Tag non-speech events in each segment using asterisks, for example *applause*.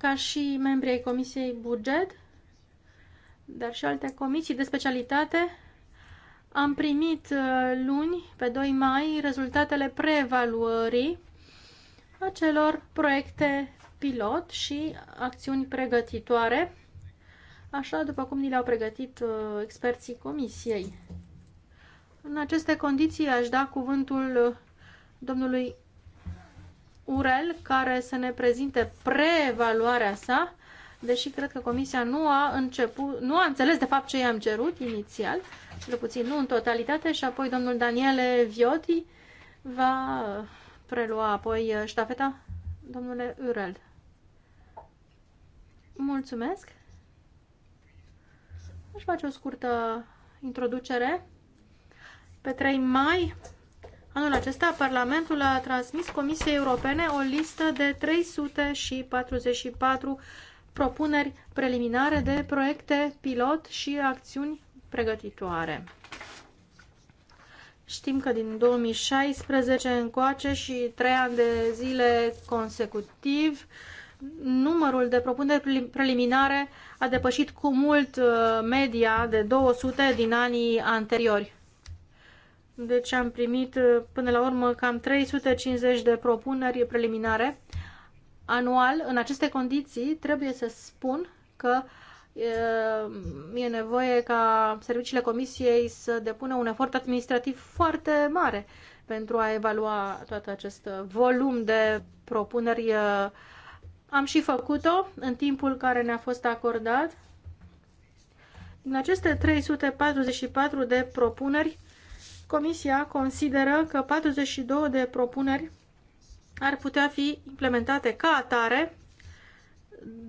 ca și membrii ai Comisiei Buget, dar și alte comisii de specialitate, am primit uh, luni, pe 2 mai, rezultatele preevaluării acelor proiecte pilot și acțiuni pregătitoare, așa după cum ni le-au pregătit uh, experții Comisiei. În aceste condiții aș da cuvântul uh, domnului UREL care să ne prezinte preevaluarea sa, deși cred că Comisia nu a început, nu a înțeles de fapt ce i-am cerut inițial, cel puțin nu în totalitate, și apoi domnul Daniele Vioti va prelua apoi ștafeta. Domnule Urel. Mulțumesc. Aș face o scurtă introducere. Pe 3 mai Anul acesta, Parlamentul a transmis Comisiei Europene o listă de 344 propuneri preliminare de proiecte pilot și acțiuni pregătitoare. Știm că din 2016 încoace și trei ani de zile consecutiv, numărul de propuneri preliminare a depășit cu mult uh, media de 200 din anii anteriori. Deci am primit uh, până la urmă cam 350 de propuneri preliminare anual. În aceste condiții trebuie să spun că uh, e nevoie ca serviciile comisiei să depună un efort administrativ foarte mare pentru a evalua tot acest volum de propuneri. Uh, am și făcut-o în timpul care ne-a fost acordat. Din aceste 344 de propuneri, Comisia consideră că 42 de propuneri ar putea fi implementate ca atare,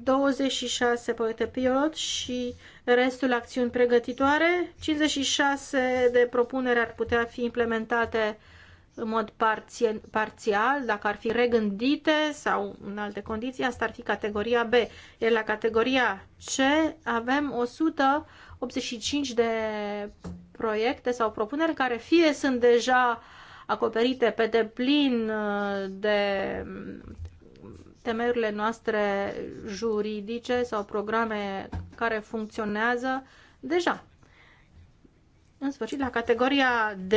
26 proiecte pilot și restul acțiuni pregătitoare, 56 de propuneri ar putea fi implementate în mod parțial, dacă ar fi regândite sau în alte condiții, asta ar fi categoria B. Iar la categoria C avem 100 85 de proiecte sau propuneri care fie sunt deja acoperite pe deplin uh, de mm, temerile noastre juridice sau programe care funcționează deja. În sfârșit, la categoria D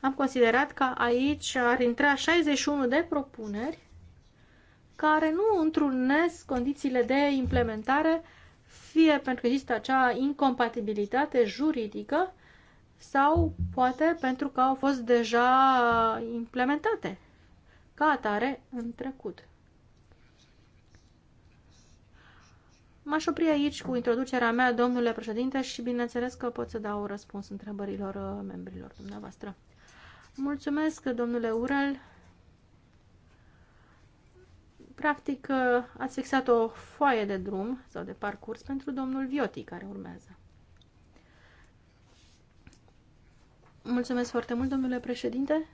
am considerat că aici ar intra 61 de propuneri care nu întrunesc condițiile de implementare fie pentru că există acea incompatibilitate juridică sau poate pentru că au fost deja implementate ca atare în trecut. M-aș opri aici cu introducerea mea, domnule președinte, și bineînțeles că pot să dau răspuns întrebărilor uh, membrilor dumneavoastră. Mulțumesc, domnule Urel. Practic, uh, ați fixat o foaie de drum sau de parcurs pentru domnul Vioti, care urmează. Mulțumesc foarte mult, domnule președinte.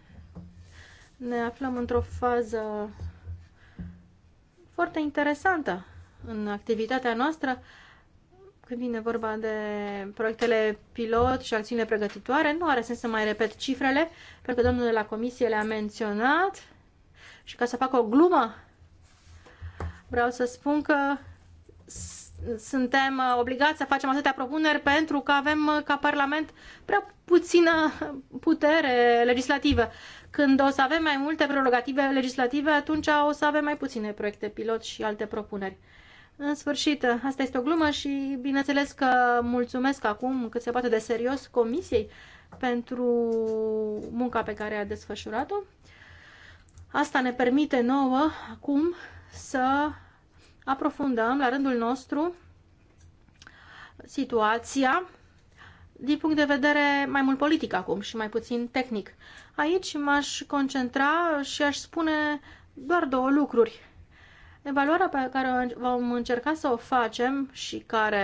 Ne aflăm într-o fază foarte interesantă în activitatea noastră. Când vine vorba de proiectele pilot și acțiunile pregătitoare, nu are sens să mai repet cifrele, pentru că domnul de la comisie le-a menționat. Și ca să fac o glumă, Vreau să spun că suntem uh, obligați să facem atâtea propuneri pentru că avem uh, ca Parlament prea puțină putere legislativă. Când o să avem mai multe prerogative legislative, atunci o să avem mai puține proiecte pilot și alte propuneri. În sfârșit, uh, asta este o glumă și bineînțeles că mulțumesc acum cât se poate de serios Comisiei pentru munca pe care a desfășurat-o. Asta ne permite nouă acum să aprofundăm la rândul nostru situația din punct de vedere mai mult politic acum și mai puțin tehnic. Aici m-aș concentra și aș spune doar două lucruri. Evaluarea pe care vom încerca să o facem și care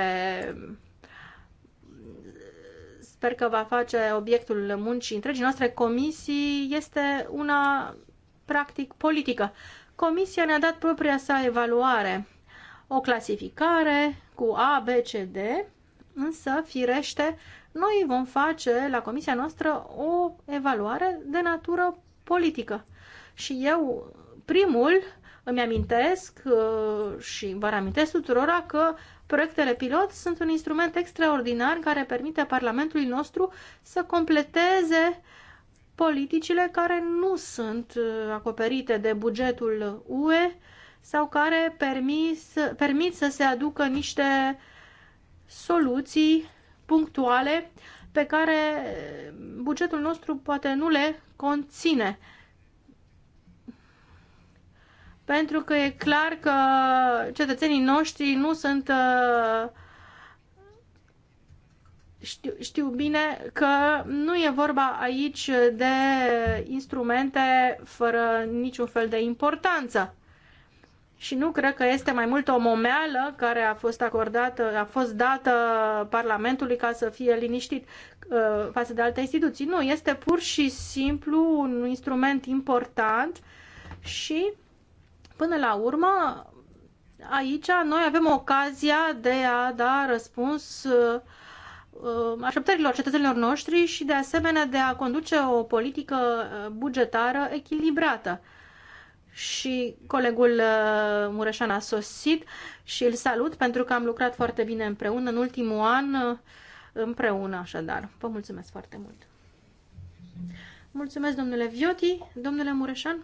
sper că va face obiectul muncii întregii noastre comisii este una practic politică. Comisia ne-a dat propria sa evaluare, o clasificare cu A, B, C, D, însă, firește, noi vom face la comisia noastră o evaluare de natură politică. Și eu, primul, îmi amintesc uh, și vă amintesc tuturora că proiectele pilot sunt un instrument extraordinar care permite Parlamentului nostru să completeze uh, politicile care nu sunt uh, acoperite de bugetul UE sau care permis, permit să se aducă niște soluții punctuale pe care uh, bugetul nostru poate nu le conține. Pentru că e clar că cetățenii noștri nu sunt uh, știu, știu bine că nu e vorba aici de instrumente fără niciun fel de importanță. Și nu cred că este mai mult o momeală care a fost acordată, a fost dată Parlamentului ca să fie liniștit uh, față de alte instituții. Nu, este pur și simplu un instrument important și până la urmă aici noi avem ocazia de a da răspuns uh, Uh, așteptărilor cetățenilor noștri și de asemenea de a conduce o politică uh, bugetară echilibrată. Și colegul uh, Mureșan a sosit și îl salut pentru că am lucrat foarte bine împreună în ultimul an, împreună așadar. Vă mulțumesc foarte mult! Mulțumesc, domnule Vioti. Domnule Mureșan?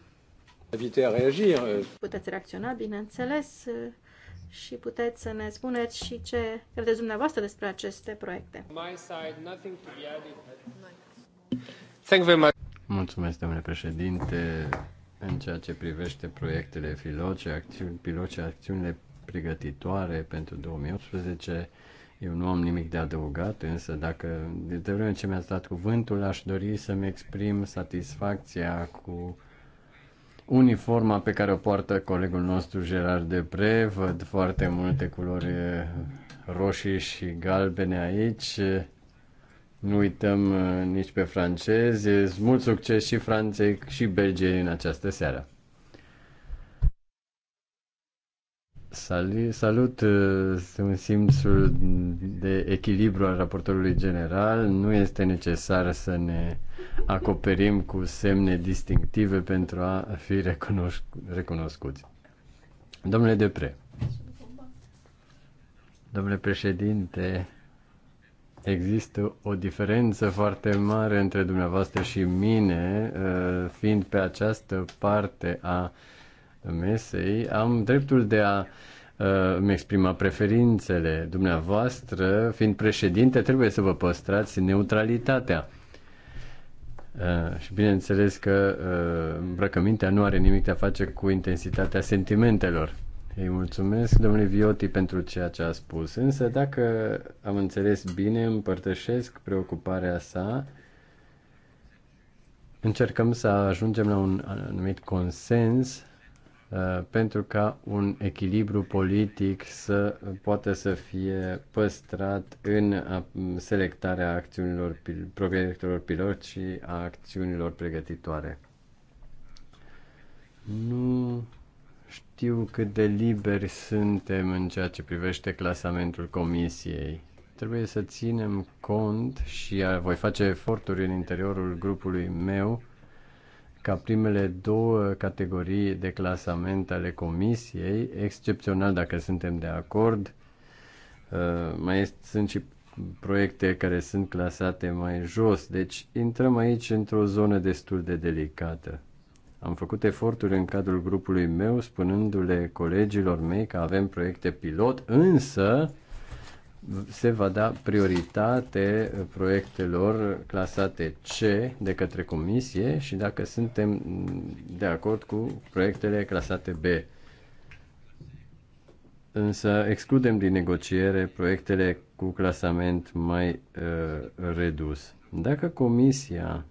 a reagir. Puteți reacționa, bineînțeles și puteți să ne spuneți și ce credeți dumneavoastră despre aceste proiecte. Mulțumesc, domnule președinte. În ceea ce privește proiectele filoce, acțiuni, piloce, acțiunile pregătitoare pentru 2018, eu nu am nimic de adăugat, însă dacă de vreme ce mi-ați dat cuvântul, aș dori să-mi exprim satisfacția cu Uniforma pe care o poartă colegul nostru Gerard Depre, văd foarte multe culori roșii și galbene aici. Nu uităm nici pe francezi. Mult succes și Franței și Belgiei în această seară. Salut, salut uh, sunt simțul de echilibru al raportorului general. Nu este necesar să ne acoperim cu semne distinctive pentru a fi recunoș- recunoscuți. Domnule Depre, domnule președinte, există o diferență foarte mare între dumneavoastră și mine, uh, fiind pe această parte a mesei, am dreptul de a uh, îmi exprima preferințele. Dumneavoastră, fiind președinte, trebuie să vă păstrați neutralitatea. Uh, și bineînțeles că uh, îmbrăcămintea nu are nimic de a face cu intensitatea sentimentelor. Îi mulțumesc, domnule Vioti, pentru ceea ce a spus. Însă, dacă am înțeles bine, împărtășesc preocuparea sa. Încercăm să ajungem la un anumit consens Uh, pentru ca un echilibru politic să poată să fie păstrat în uh, selectarea acțiunilor, proiectelor pilot și a acțiunilor pregătitoare. Nu știu cât de liberi suntem în ceea ce privește clasamentul comisiei. Trebuie să ținem cont și voi face eforturi în interiorul grupului meu ca primele două categorii de clasament ale comisiei, excepțional dacă suntem de acord. Uh, mai este, sunt și proiecte care sunt clasate mai jos, deci intrăm aici într-o zonă destul de delicată. Am făcut eforturi în cadrul grupului meu spunându-le colegilor mei că avem proiecte pilot, însă se va da prioritate proiectelor clasate C de către comisie și dacă suntem de acord cu proiectele clasate B. Însă excludem din negociere proiectele cu clasament mai uh, redus. Dacă comisia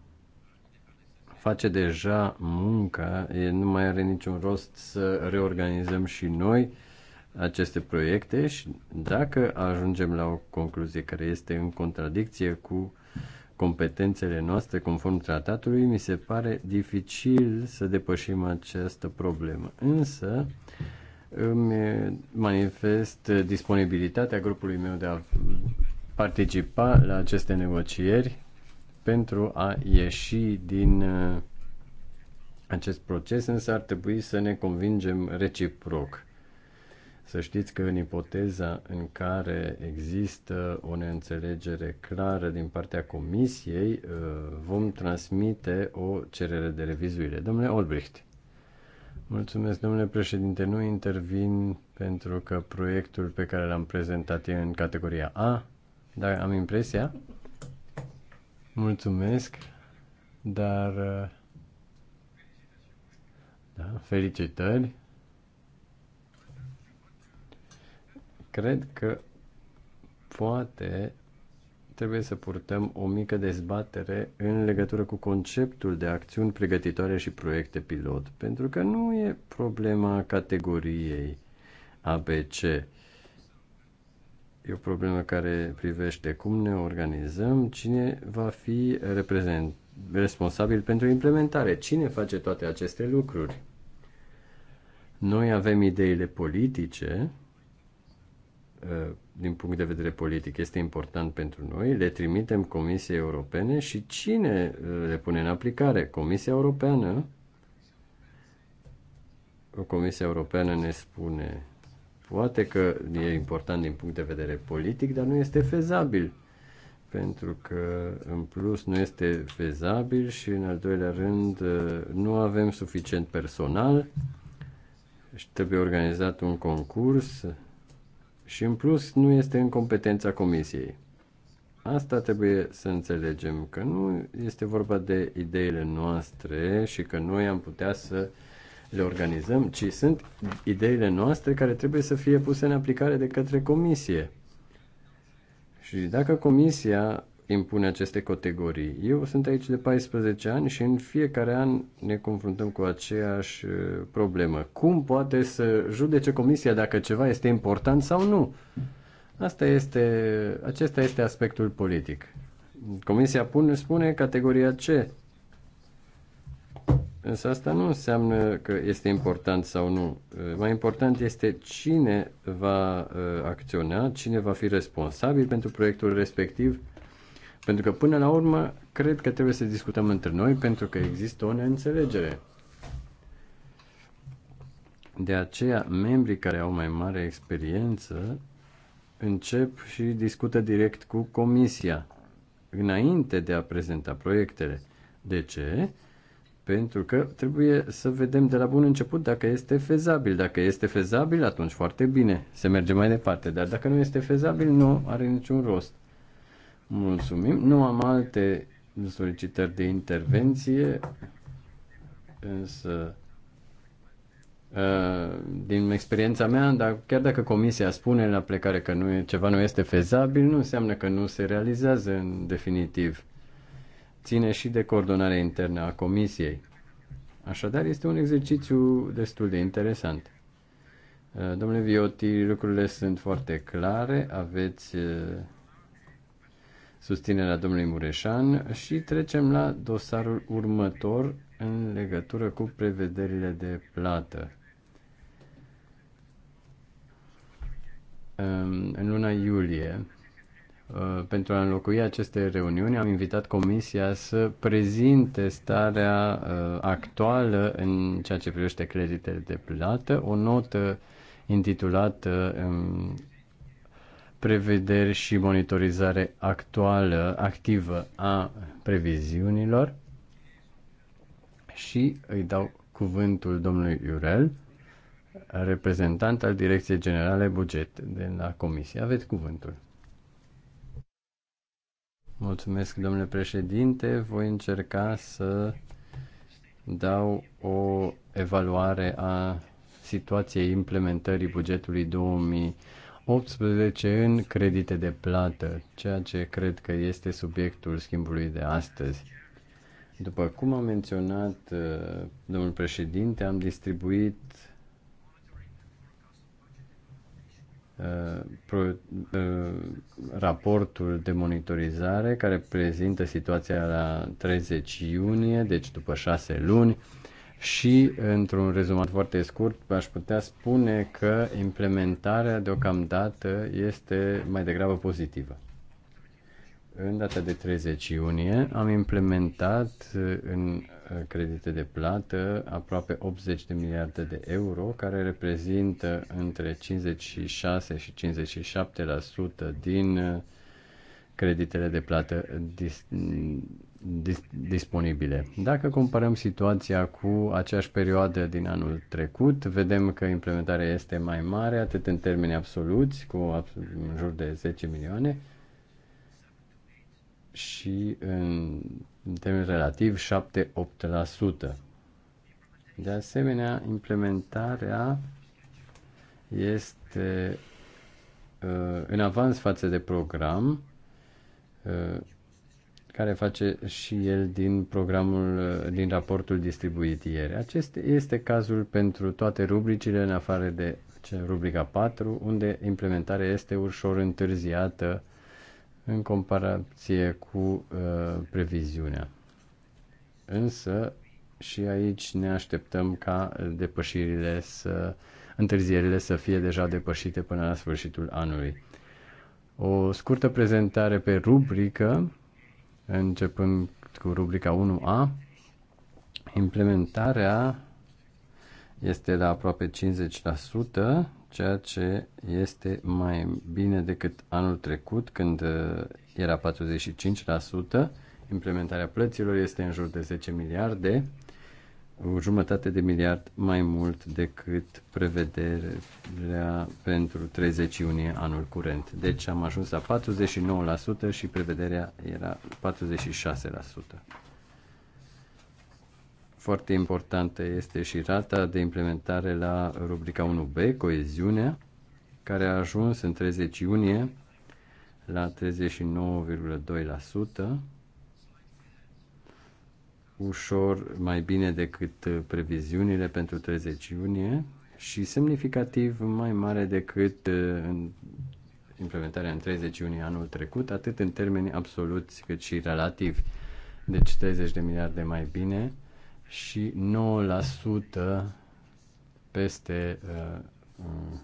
face deja munca, nu mai are niciun rost să reorganizăm și noi uh, aceste proiecte și dacă ajungem la o concluzie care este în contradicție cu competențele noastre conform tratatului, mi se pare dificil să depășim această problemă. Însă, îmi manifest disponibilitatea grupului meu de a participa la aceste negocieri pentru a ieși din uh, acest proces, însă ar trebui să ne convingem reciproc. Să știți că în ipoteza în care există o neînțelegere clară din partea comisiei, uh, vom transmite o cerere de revizuire. Domnule Olbricht. Mulțumesc, domnule președinte. Nu intervin pentru că proiectul pe care l-am prezentat e în categoria A. Da, am impresia. Mulțumesc, dar... Uh, da, felicitări. Cred că poate trebuie să purtăm o mică dezbatere în legătură cu conceptul de acțiuni pregătitoare și proiecte pilot, pentru că nu e problema categoriei ABC. E o problemă care privește cum ne organizăm, cine va fi reprezent, responsabil pentru implementare, cine face toate aceste lucruri. Noi avem ideile politice, din punct de vedere politic este important pentru noi, le trimitem Comisiei Europene și cine uh, le pune în aplicare? Comisia Europeană. Comisia Europeană ne spune poate că e important din punct de vedere politic, dar nu este fezabil pentru că în plus nu este fezabil și în al doilea rând uh, nu avem suficient personal și trebuie organizat un concurs și în plus nu este în competența comisiei. Asta trebuie să înțelegem, că nu este vorba de ideile noastre și că noi am putea să le organizăm, ci sunt ideile noastre care trebuie să fie puse în aplicare de către comisie. Și dacă comisia impune aceste categorii. Eu sunt aici de 14 ani și în fiecare an ne confruntăm cu aceeași uh, problemă. Cum poate să judece comisia dacă ceva este important sau nu? Asta este, acesta este aspectul politic. Comisia pune, spune categoria C. Însă asta nu înseamnă că este important sau nu. Uh, mai important este cine va uh, acționa, cine va fi responsabil pentru proiectul respectiv pentru că până la urmă cred că trebuie să discutăm între noi pentru că există o neînțelegere. De aceea, membrii care au mai mare experiență încep și discută direct cu comisia înainte de a prezenta proiectele. De ce? Pentru că trebuie să vedem de la bun început dacă este fezabil. Dacă este fezabil, atunci foarte bine, se merge mai departe. Dar dacă nu este fezabil, nu are niciun rost. Mulțumim. Nu am alte solicitări de intervenție, însă ă, din experiența mea, dar chiar dacă comisia spune la plecare că nu e, ceva nu este fezabil, nu înseamnă că nu se realizează în definitiv. Ține și de coordonarea internă a comisiei. Așadar, este un exercițiu destul de interesant. Ă, domnule Vioti, lucrurile sunt foarte clare, aveți ă, susținerea domnului Mureșan și trecem la dosarul următor în legătură cu prevederile de plată. În luna iulie, uh, pentru a înlocui aceste reuniuni, am invitat Comisia să prezinte starea uh, actuală în ceea ce privește creditele de plată, o notă intitulată um, prevederi și monitorizare actuală, activă a previziunilor și îi dau cuvântul domnului Iurel, reprezentant al Direcției Generale Buget de la Comisie. Aveți cuvântul. Mulțumesc, domnule președinte. Voi încerca să dau o evaluare a situației implementării bugetului 2020 18 în credite de plată, ceea ce cred că este subiectul schimbului de astăzi. După cum a menționat uh, domnul președinte, am distribuit uh, uh, raportul de monitorizare care prezintă situația la 30 iunie, deci după 6 luni, și, într-un rezumat foarte scurt, aș putea spune că implementarea deocamdată este mai degrabă pozitivă. În data de 30 iunie am implementat în uh, credite de plată aproape 80 de miliarde de euro, care reprezintă între 56 și 57% din uh, creditele de plată dis- disponibile. Dacă comparăm situația cu aceeași perioadă din anul trecut, vedem că implementarea este mai mare, atât în termeni absoluți, cu în jur de 10 milioane, și în, în termen relativ 7-8%. De asemenea, implementarea este uh, în avans față de program, uh, care face și el din programul, din raportul distribuit ieri. Acest este cazul pentru toate rubricile, în afară de rubrica 4, unde implementarea este ușor întârziată în comparație cu uh, previziunea. Însă, și aici ne așteptăm ca depășirile să, întârzierile să fie deja depășite până la sfârșitul anului. O scurtă prezentare pe rubrică începând cu rubrica 1A. Implementarea este la aproape 50%, ceea ce este mai bine decât anul trecut, când uh, era 45%. Implementarea plăților este în jur de 10 miliarde o jumătate de miliard mai mult decât prevederea pentru 30 iunie anul curent. Deci am ajuns la 49% și prevederea era 46%. Foarte importantă este și rata de implementare la rubrica 1B, coeziunea, care a ajuns în 30 iunie la 39,2%, ușor mai bine decât uh, previziunile pentru 30 iunie și semnificativ mai mare decât uh, în implementarea în 30 iunie anul trecut, atât în termeni absoluți cât și relativi. Deci 30 de miliarde mai bine și 9% peste uh, uh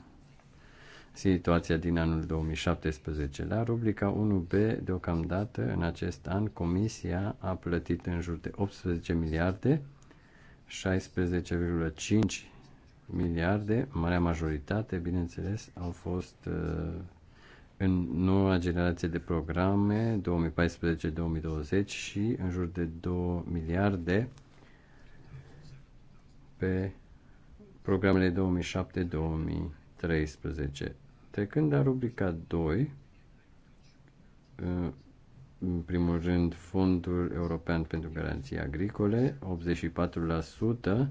situația din anul 2017. La rubrica 1B, deocamdată, în acest an, Comisia a plătit în jur de 18 miliarde, 16,5 miliarde, marea majoritate, bineînțeles, au fost uh, în noua generație de programe 2014-2020 și în jur de 2 miliarde pe programele 2007-2013. Trecând la rubrica 2, uh, în primul rând, Fondul European pentru Garanții Agricole, 84%,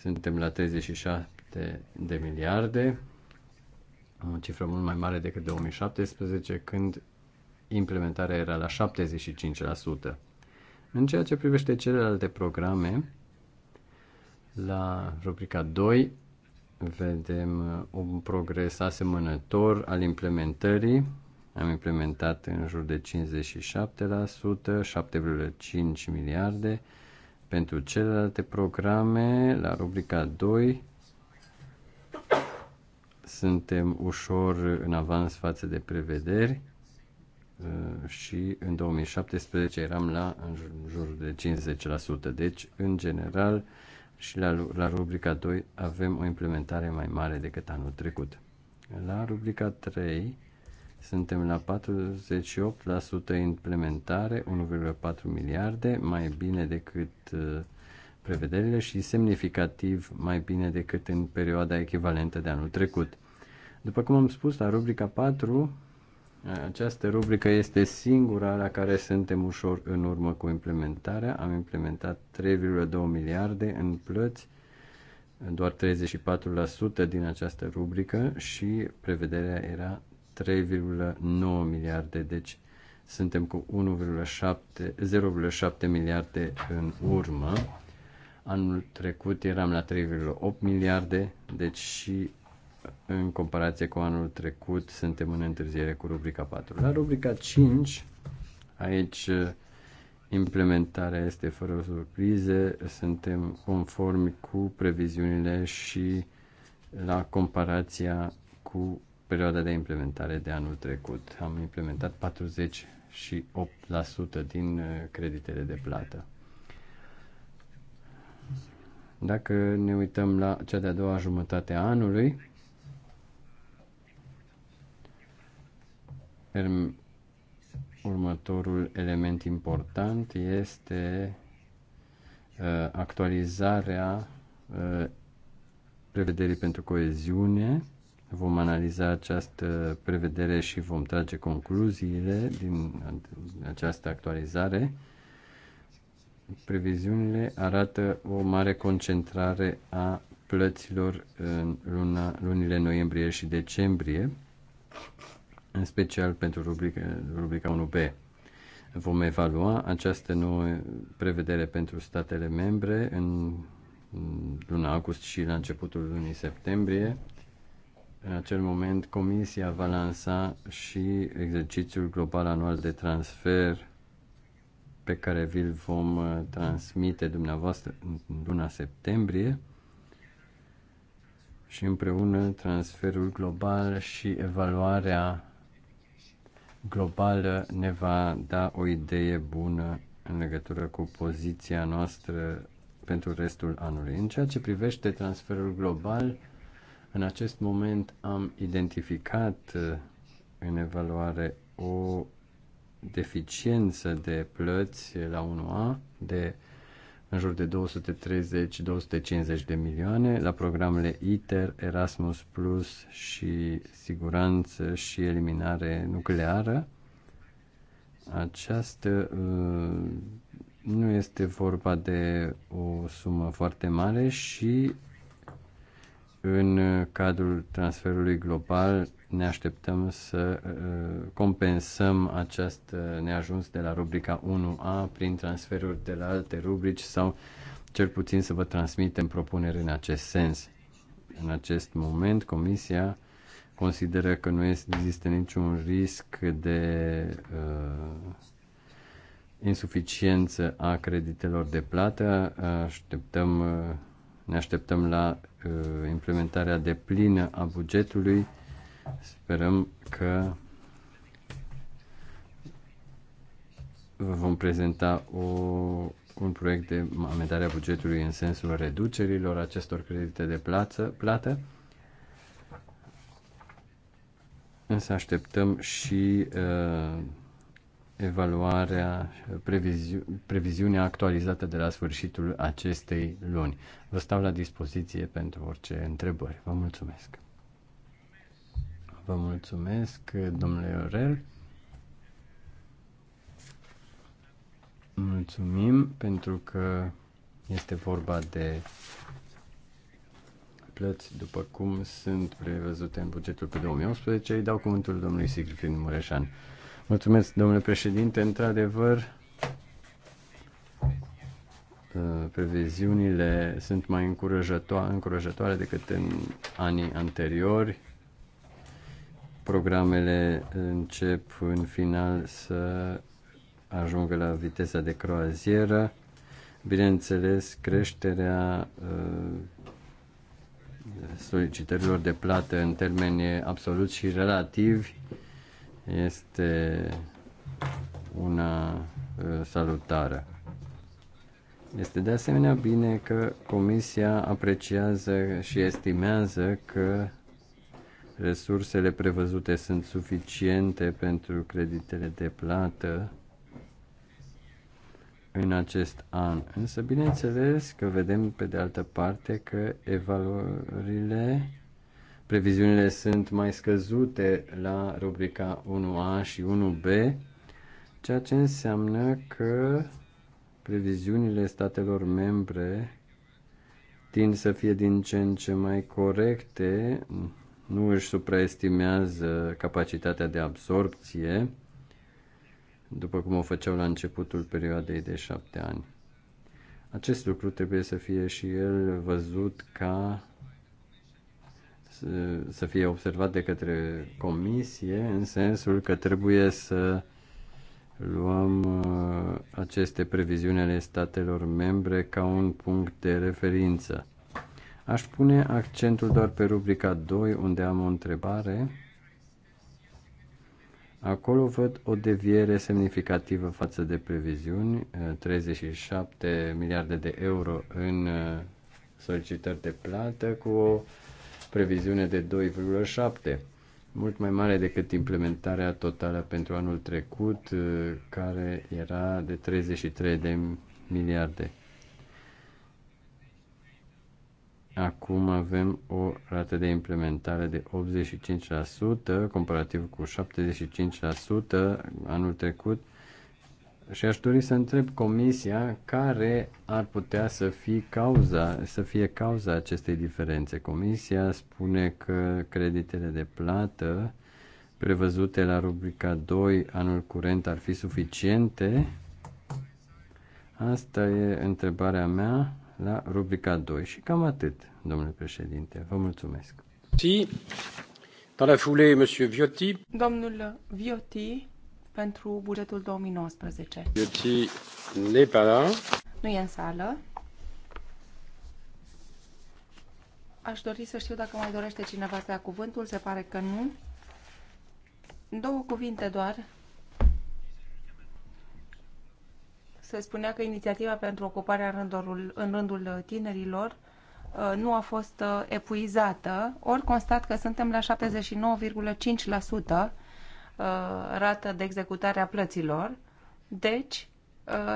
suntem la 37 de miliarde, o cifră mult mai mare decât 2017, când implementarea era la 75%. În ceea ce privește celelalte programe, la rubrica 2 vedem uh, un progres asemănător al implementării. Am implementat în jur de 57%, 7,5 miliarde. Pentru celelalte programe, la rubrica 2, suntem ușor în avans față de prevederi uh, și în 2017 eram la în jur de 50%. Deci, în general, și la, la rubrica 2 avem o implementare mai mare decât anul trecut. La rubrica 3 suntem la 48% implementare, 1,4 miliarde, mai bine decât uh, prevederile și semnificativ mai bine decât în perioada echivalentă de anul trecut. După cum am spus, la rubrica 4 această rubrică este singura la care suntem ușor în urmă cu implementarea. Am implementat 3,2 miliarde în plăți, doar 34% din această rubrică și prevederea era 3,9 miliarde, deci suntem cu 1,7, 0,7 miliarde în urmă. Anul trecut eram la 3,8 miliarde, deci și în comparație cu anul trecut, suntem în întârziere cu rubrica 4. La rubrica 5, aici uh, implementarea este fără surprize, suntem conformi cu previziunile și la comparația cu perioada de implementare de anul trecut. Am implementat 48% din uh, creditele de plată. Dacă ne uităm la cea de-a doua jumătate a anului, Următorul element important este uh, actualizarea uh, prevederii pentru coeziune. Vom analiza această prevedere și vom trage concluziile din această actualizare. Previziunile arată o mare concentrare a plăților în luna, lunile noiembrie și decembrie în special pentru rubrica, rubrica 1B. Vom evalua această nouă prevedere pentru statele membre în luna august și la începutul lunii septembrie. În acel moment, Comisia va lansa și exercițiul global anual de transfer pe care vi-l vom uh, transmite dumneavoastră în luna septembrie și împreună transferul global și evaluarea globală ne va da o idee bună în legătură cu poziția noastră pentru restul anului. În ceea ce privește transferul global, în acest moment am identificat uh, în evaluare o deficiență de plăți la 1A de în jur de 230-250 de milioane la programele ITER, Erasmus Plus și siguranță și eliminare nucleară. Această uh, nu este vorba de o sumă foarte mare și în cadrul transferului global ne așteptăm să uh, compensăm acest uh, neajuns de la rubrica 1A prin transferuri de la alte rubrici sau cel puțin să vă transmitem propuneri în acest sens. În acest moment, Comisia consideră că nu există niciun risc de uh, insuficiență a creditelor de plată. Așteptăm, uh, ne așteptăm la implementarea de plină a bugetului Sperăm că vă vom prezenta o, un proiect de amendare a bugetului în sensul reducerilor acestor credite de plață, plată. Însă așteptăm și uh, evaluarea, previziu, previziunea actualizată de la sfârșitul acestei luni. Vă stau la dispoziție pentru orice întrebări. Vă mulțumesc! Vă mulțumesc, domnule Orel. Mulțumim pentru că este vorba de plăți după cum sunt prevăzute în bugetul pe 2018. Îi dau cuvântul domnului Sigrid Mureșan. Mulțumesc, domnule președinte. Într-adevăr, uh, previziunile sunt mai încurajatoare decât în anii anteriori programele încep în final să ajungă la viteza de croazieră. Bineînțeles, creșterea uh, solicitărilor de plată în termeni absolut și relativi este una uh, salutară. Este de asemenea bine că Comisia apreciază și estimează că resursele prevăzute sunt suficiente pentru creditele de plată în acest an. Însă, bineînțeles că vedem pe de altă parte că evaluările, previziunile sunt mai scăzute la rubrica 1A și 1B, ceea ce înseamnă că previziunile statelor membre tind să fie din ce în ce mai corecte nu își supraestimează capacitatea de absorpție, după cum o făceau la începutul perioadei de șapte ani. Acest lucru trebuie să fie și el văzut ca să fie observat de către comisie, în sensul că trebuie să luăm uh, aceste previziuni ale statelor membre ca un punct de referință. Aș pune accentul doar pe rubrica 2, unde am o întrebare. Acolo văd o deviere semnificativă față de previziuni, 37 eh, miliarde de euro în eh, solicitări de plată cu o previziune de 2,7, mult mai mare decât implementarea totală pentru anul trecut, eh, care era de 33 de miliarde. Acum avem o rată de implementare de 85% comparativ cu 75% anul trecut și aș dori să întreb comisia care ar putea să fie cauza, să fie cauza acestei diferențe. Comisia spune că creditele de plată prevăzute la rubrica 2 anul curent ar fi suficiente. Asta e întrebarea mea la rubrica 2 și cam atât domnule președinte. Vă mulțumesc. Si, dans la foulée, monsieur Viotti. Domnul Viotti pentru bugetul 2019. Viotti n'est pas là. Nu e în sală. Aș dori să știu dacă mai dorește cineva să ia cuvântul. Se pare că nu. Două cuvinte doar. Se spunea că inițiativa pentru ocuparea în rândul tinerilor Uh, nu a fost uh, epuizată, ori constat că suntem la 79,5% uh, rată de executare a plăților. Deci,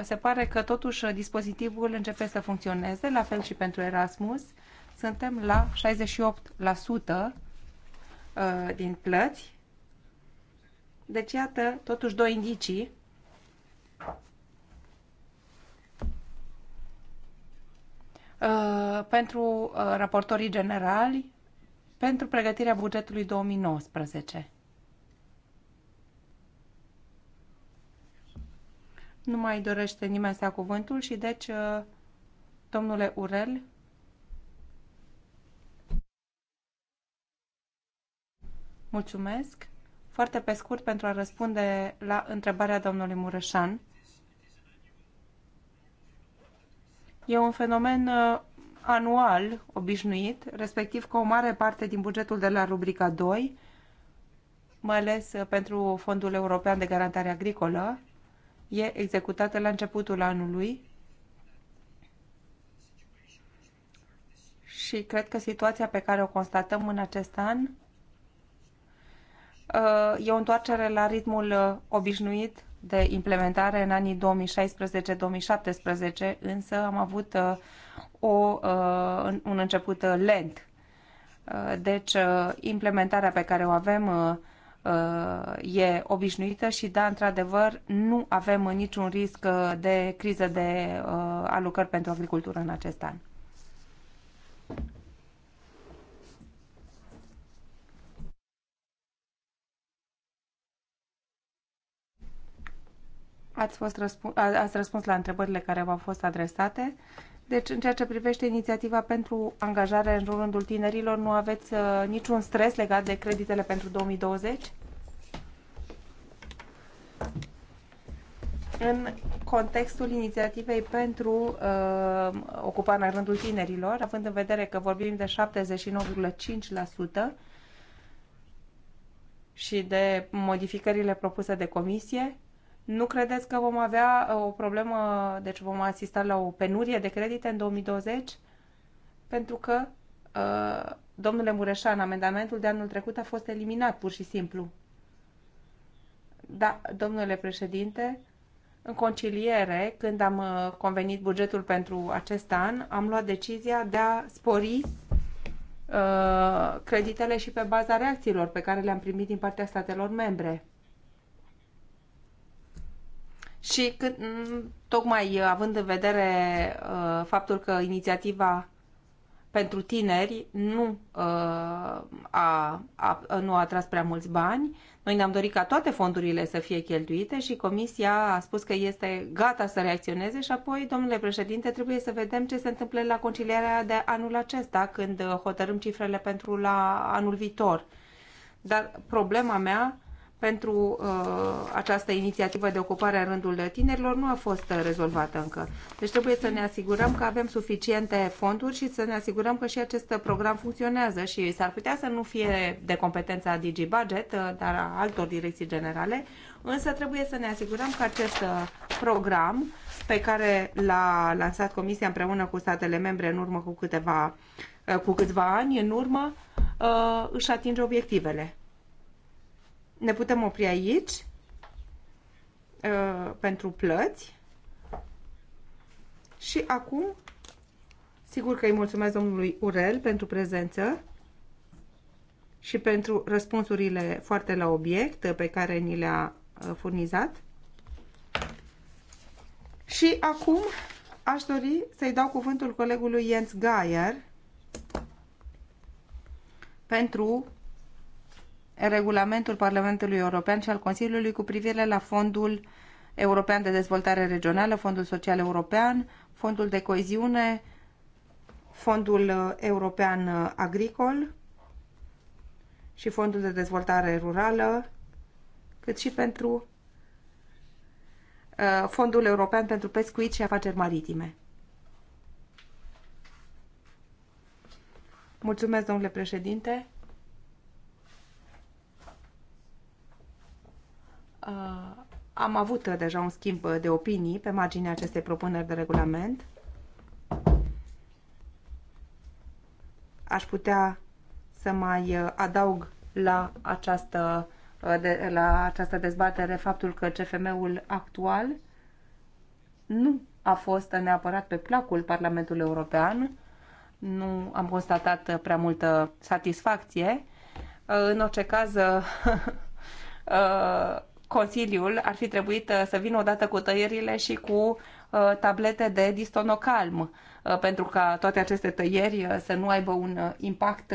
se pare că totuși dispozitivul începe să funcționeze, la fel și pentru Erasmus. Suntem la 68% din plăți. Deci, iată, totuși, două indicii Uh, pentru uh, raportorii generali pentru pregătirea bugetului 2019. Nu mai dorește nimeni să ia cuvântul și deci, uh, domnule Urel, mulțumesc foarte pe scurt pentru a răspunde la întrebarea domnului Mureșan. E un fenomen uh, anual obișnuit, respectiv că o mare parte din bugetul de la rubrica 2, mai ales uh, pentru Fondul European de Garantare Agricolă, e executată la începutul anului și cred că situația pe care o constatăm în acest an uh, e o întoarcere la ritmul obișnuit de implementare în anii 2016-2017, însă am avut uh, o, uh, un început uh, lent. Deci, implementarea pe care o avem e obișnuită și, da, într-adevăr, nu avem niciun risc de criză de alocări pentru agricultură în acest an. Ați, fost răspu- ați răspuns la întrebările care v-au fost adresate. Deci, în ceea ce privește inițiativa pentru angajare în rândul tinerilor, nu aveți uh, niciun stres legat de creditele pentru 2020? În contextul inițiativei pentru uh, ocuparea în rândul tinerilor, având în vedere că vorbim de 79,5% și de modificările propuse de comisie, nu credeți că vom avea uh, o problemă, deci vom asista la o penurie de credite în 2020? Pentru că, uh, domnule Mureșan, amendamentul de anul trecut a fost eliminat pur și simplu. Da, domnule președinte, în conciliere, când am uh, convenit bugetul pentru acest an, am luat decizia de a spori uh, creditele și pe baza reacțiilor pe care le-am primit din partea statelor membre. Și cât, tocmai uh, având în vedere uh, faptul că inițiativa pentru tineri nu, uh, a, a, nu a atras prea mulți bani, noi ne-am dorit ca toate fondurile să fie cheltuite și Comisia a spus că este gata să reacționeze și apoi, domnule președinte, trebuie să vedem ce se întâmplă la conciliarea de anul acesta, când uh, hotărâm cifrele pentru la anul viitor. Dar problema mea pentru uh, această inițiativă de ocupare a rândul tinerilor nu a fost uh, rezolvată încă. Deci trebuie să ne asigurăm că avem suficiente fonduri și să ne asigurăm că și acest program funcționează și s-ar putea să nu fie de competența DigiBudget, uh, dar a altor direcții generale, însă trebuie să ne asigurăm că acest uh, program pe care l-a lansat Comisia împreună cu statele membre în urmă cu câteva cu câțiva ani în urmă, uh, își atinge obiectivele ne putem opri aici uh, pentru plăți. Și acum, sigur că îi mulțumesc domnului Urel pentru prezență și pentru răspunsurile foarte la obiect pe care ni le-a uh, furnizat. Și acum aș dori să-i dau cuvântul colegului Jens Geier pentru regulamentul Parlamentului European și al Consiliului cu privire la Fondul European de Dezvoltare Regională, Fondul Social European, Fondul de Coeziune, Fondul European Agricol și Fondul de Dezvoltare Rurală, cât și pentru uh, Fondul European pentru Pescuit și Afaceri Maritime. Mulțumesc, domnule președinte. Uh, am avut uh, deja un schimb uh, de opinii pe marginea acestei propuneri de regulament. Aș putea să mai adaug la această, de, la această dezbatere faptul că CFM-ul actual nu a fost neapărat pe placul Parlamentului European. Nu am constatat prea multă satisfacție. În orice caz, *laughs* Consiliul ar fi trebuit uh, să vină odată cu tăierile și cu uh, tablete de distonocalm, uh, pentru ca toate aceste tăieri să nu aibă un impact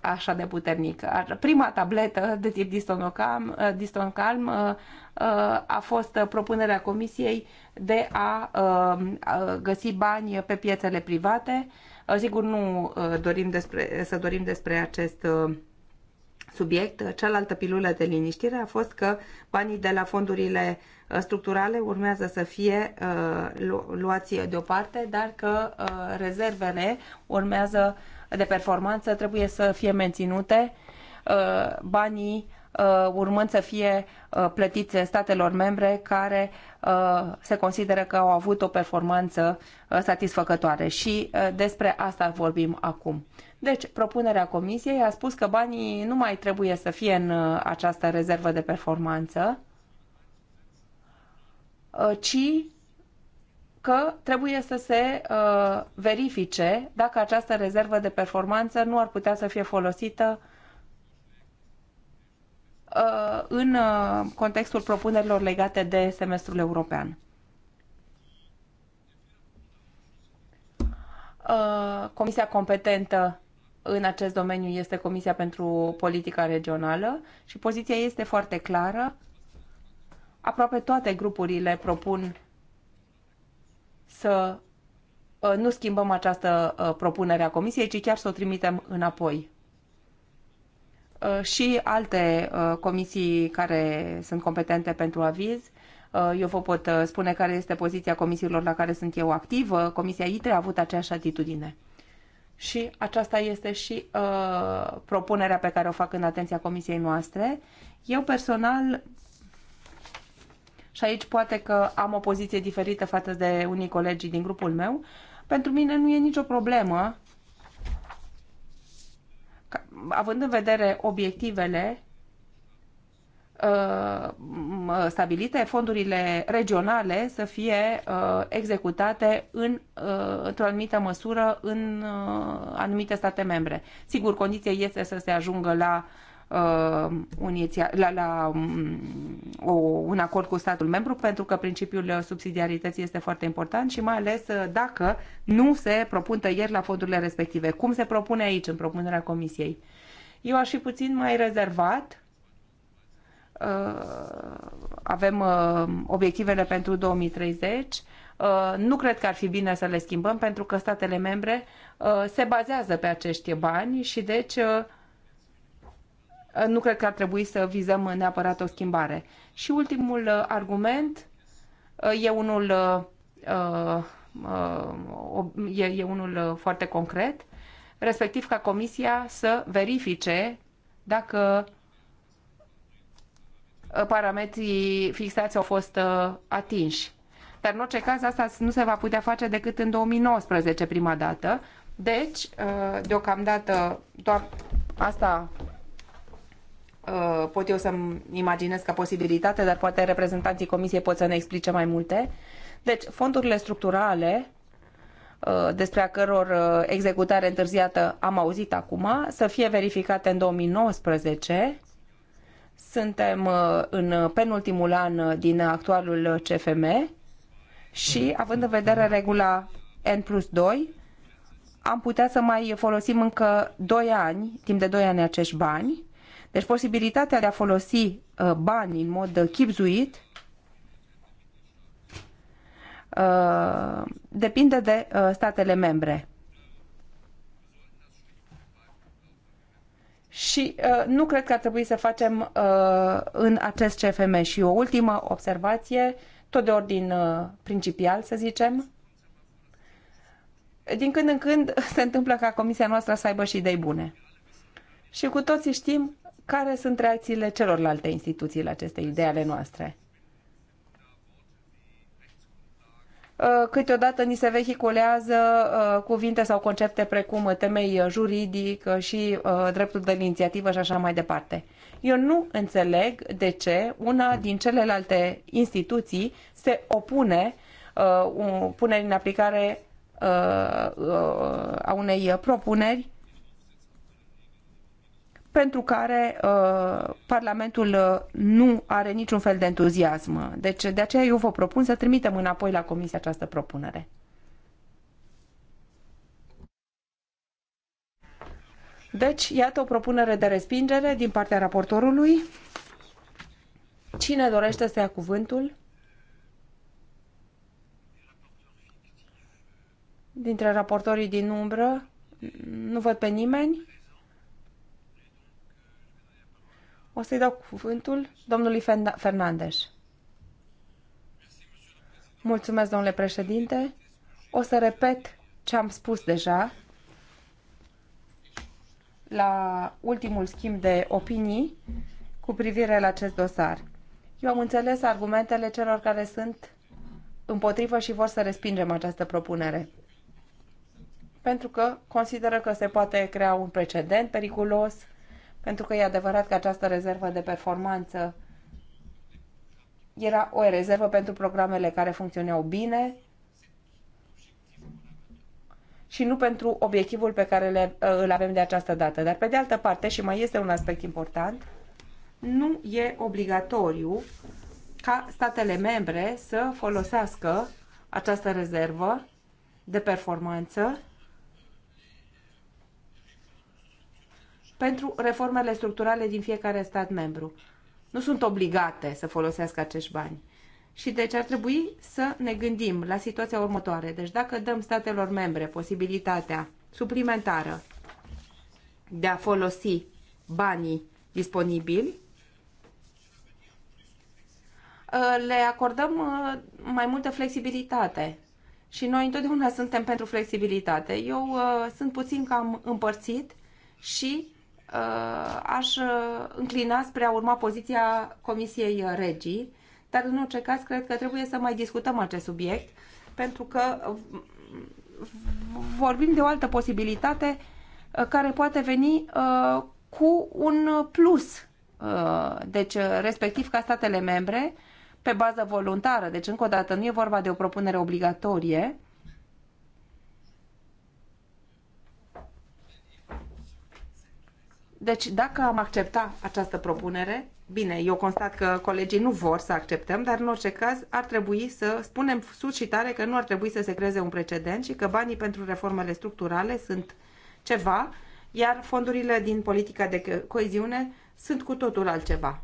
așa de puternic. Prima tabletă de tip distonocalm, distonocalm a fost propunerea Comisiei de a găsi bani pe piețele private. Sigur, nu dorim despre, să dorim despre acest subiect, cealaltă pilulă de liniștire a fost că banii de la fondurile uh, structurale urmează să fie uh, luați deoparte, dar că uh, rezervele urmează de performanță trebuie să fie menținute. banii Uh, urmând să fie uh, plătite statelor membre care uh, se consideră că au avut o performanță satisfăcătoare. Și despre asta vorbim acum. Deci, propunerea comisiei a spus că banii nu mai trebuie să fie în această rezervă de performanță, ci că trebuie să se verifice dacă această rezervă de performanță nu ar putea să fie folosită uh, Uh, în uh, contextul propunerilor legate de semestrul european. Uh, comisia competentă în acest domeniu este Comisia pentru Politica Regională și poziția este foarte clară. Aproape toate grupurile propun să nu schimbăm această propunere a Comisiei, ci chiar să o trimitem înapoi. Uh, și alte uh, comisii care sunt competente pentru aviz. Uh, eu vă pot spune care este poziția comisiilor la care sunt eu activă. Comisia ITRE a avut aceeași atitudine. Și aceasta este și uh, propunerea pe care o fac în atenția comisiei noastre. Eu personal, și aici poate că am o poziție diferită față de unii colegi din grupul meu, pentru mine nu e nicio problemă având în vedere obiectivele uh, stabilite, fondurile regionale să fie uh, executate în, uh, într-o anumită măsură în anumite state membre. Sigur, condiția este să se ajungă la un, la, la mm, o, un acord cu statul membru, pentru că principiul subsidiarității este foarte important și mai ales dacă nu se propun tăieri la fondurile respective, cum se propune aici în propunerea Comisiei. Eu aș fi puțin mai rezervat. Uh, avem uh, obiectivele pentru 2030. Uh, nu cred că ar fi bine să le schimbăm pentru că statele membre se bazează pe acești bani și deci nu cred că ar trebui să vizăm neapărat o schimbare. Și ultimul argument e unul, e, unul foarte concret respectiv ca Comisia să verifice dacă uh, parametrii fixați au fost uh, atinși. Dar în orice caz asta nu se va putea face decât în 2019 prima dată. Deci, uh, deocamdată, doar asta pot eu să-mi imaginez ca posibilitate, dar poate reprezentanții Comisiei pot să ne explice mai multe. Deci, fondurile structurale Uh, despre a căror uh, executare întârziată am auzit acum, să fie verificate în 2019. Suntem uh, în penultimul an din actualul CFM și, având în vedere regula N plus 2, am putea să mai folosim încă 2 ani, timp de 2 ani acești bani. Deci posibilitatea de a folosi bani în mod chipzuit Uh, depinde de uh, statele membre. Și uh, nu cred că ar trebui să facem uh, în acest CFM. Și o ultimă observație, tot de ordin uh, principial, să zicem. Din când în când *laughs* se întâmplă ca comisia noastră să aibă și idei bune. Și cu toții știm care sunt reacțiile celorlalte instituții la aceste idei ale noastre. Uh, câteodată ni se vehiculează uh, cuvinte sau concepte precum temei juridic și uh, dreptul de inițiativă și așa mai departe. Eu nu înțeleg de ce una din celelalte instituții se opune punerii în aplicare a unei propuneri pentru care uh, Parlamentul uh, nu are niciun fel de entuziasm. Deci de aceea eu vă propun să trimitem înapoi la Comisie această propunere. Deci, iată o propunere de respingere din partea raportorului. Cine dorește să ia cuvântul? Dintre raportorii din umbră, nu văd pe nimeni. O să-i dau cuvântul domnului Fernandes. Mulțumesc, domnule președinte. O să repet ce am spus deja la ultimul schimb de opinii cu privire la acest dosar. Eu am înțeles argumentele celor care sunt împotrivă și vor să respingem această propunere. Pentru că consideră că se poate crea un precedent periculos pentru că e adevărat că această rezervă de performanță era o rezervă pentru programele care funcționeau bine și nu pentru obiectivul pe care le, uh, îl avem de această dată. Dar pe de altă parte, și mai este un aspect important, nu e obligatoriu ca statele membre să folosească această rezervă de performanță pentru reformele structurale din fiecare stat membru. Nu sunt obligate să folosească acești bani. Și deci ar trebui să ne gândim la situația următoare. Deci dacă dăm statelor membre posibilitatea suplimentară de a folosi banii disponibili, uh, le acordăm uh, mai multă flexibilitate. Și noi întotdeauna suntem pentru flexibilitate. Eu uh, sunt puțin cam împărțit și Uh, aș uh, înclina spre a urma poziția Comisiei Regii, dar în orice caz cred că trebuie să mai discutăm acest subiect, pentru că uh, vorbim de o altă posibilitate care poate veni cu un plus, deci respectiv ca statele membre, pe bază voluntară, deci încă o dată nu e vorba de o propunere obligatorie, Deci, dacă am accepta această propunere, bine, eu constat că colegii nu vor să acceptăm, dar în orice caz ar trebui să spunem sus și tare că nu ar trebui să se creeze un precedent și că banii pentru reformele structurale sunt ceva, iar fondurile din politica de coeziune sunt cu totul altceva.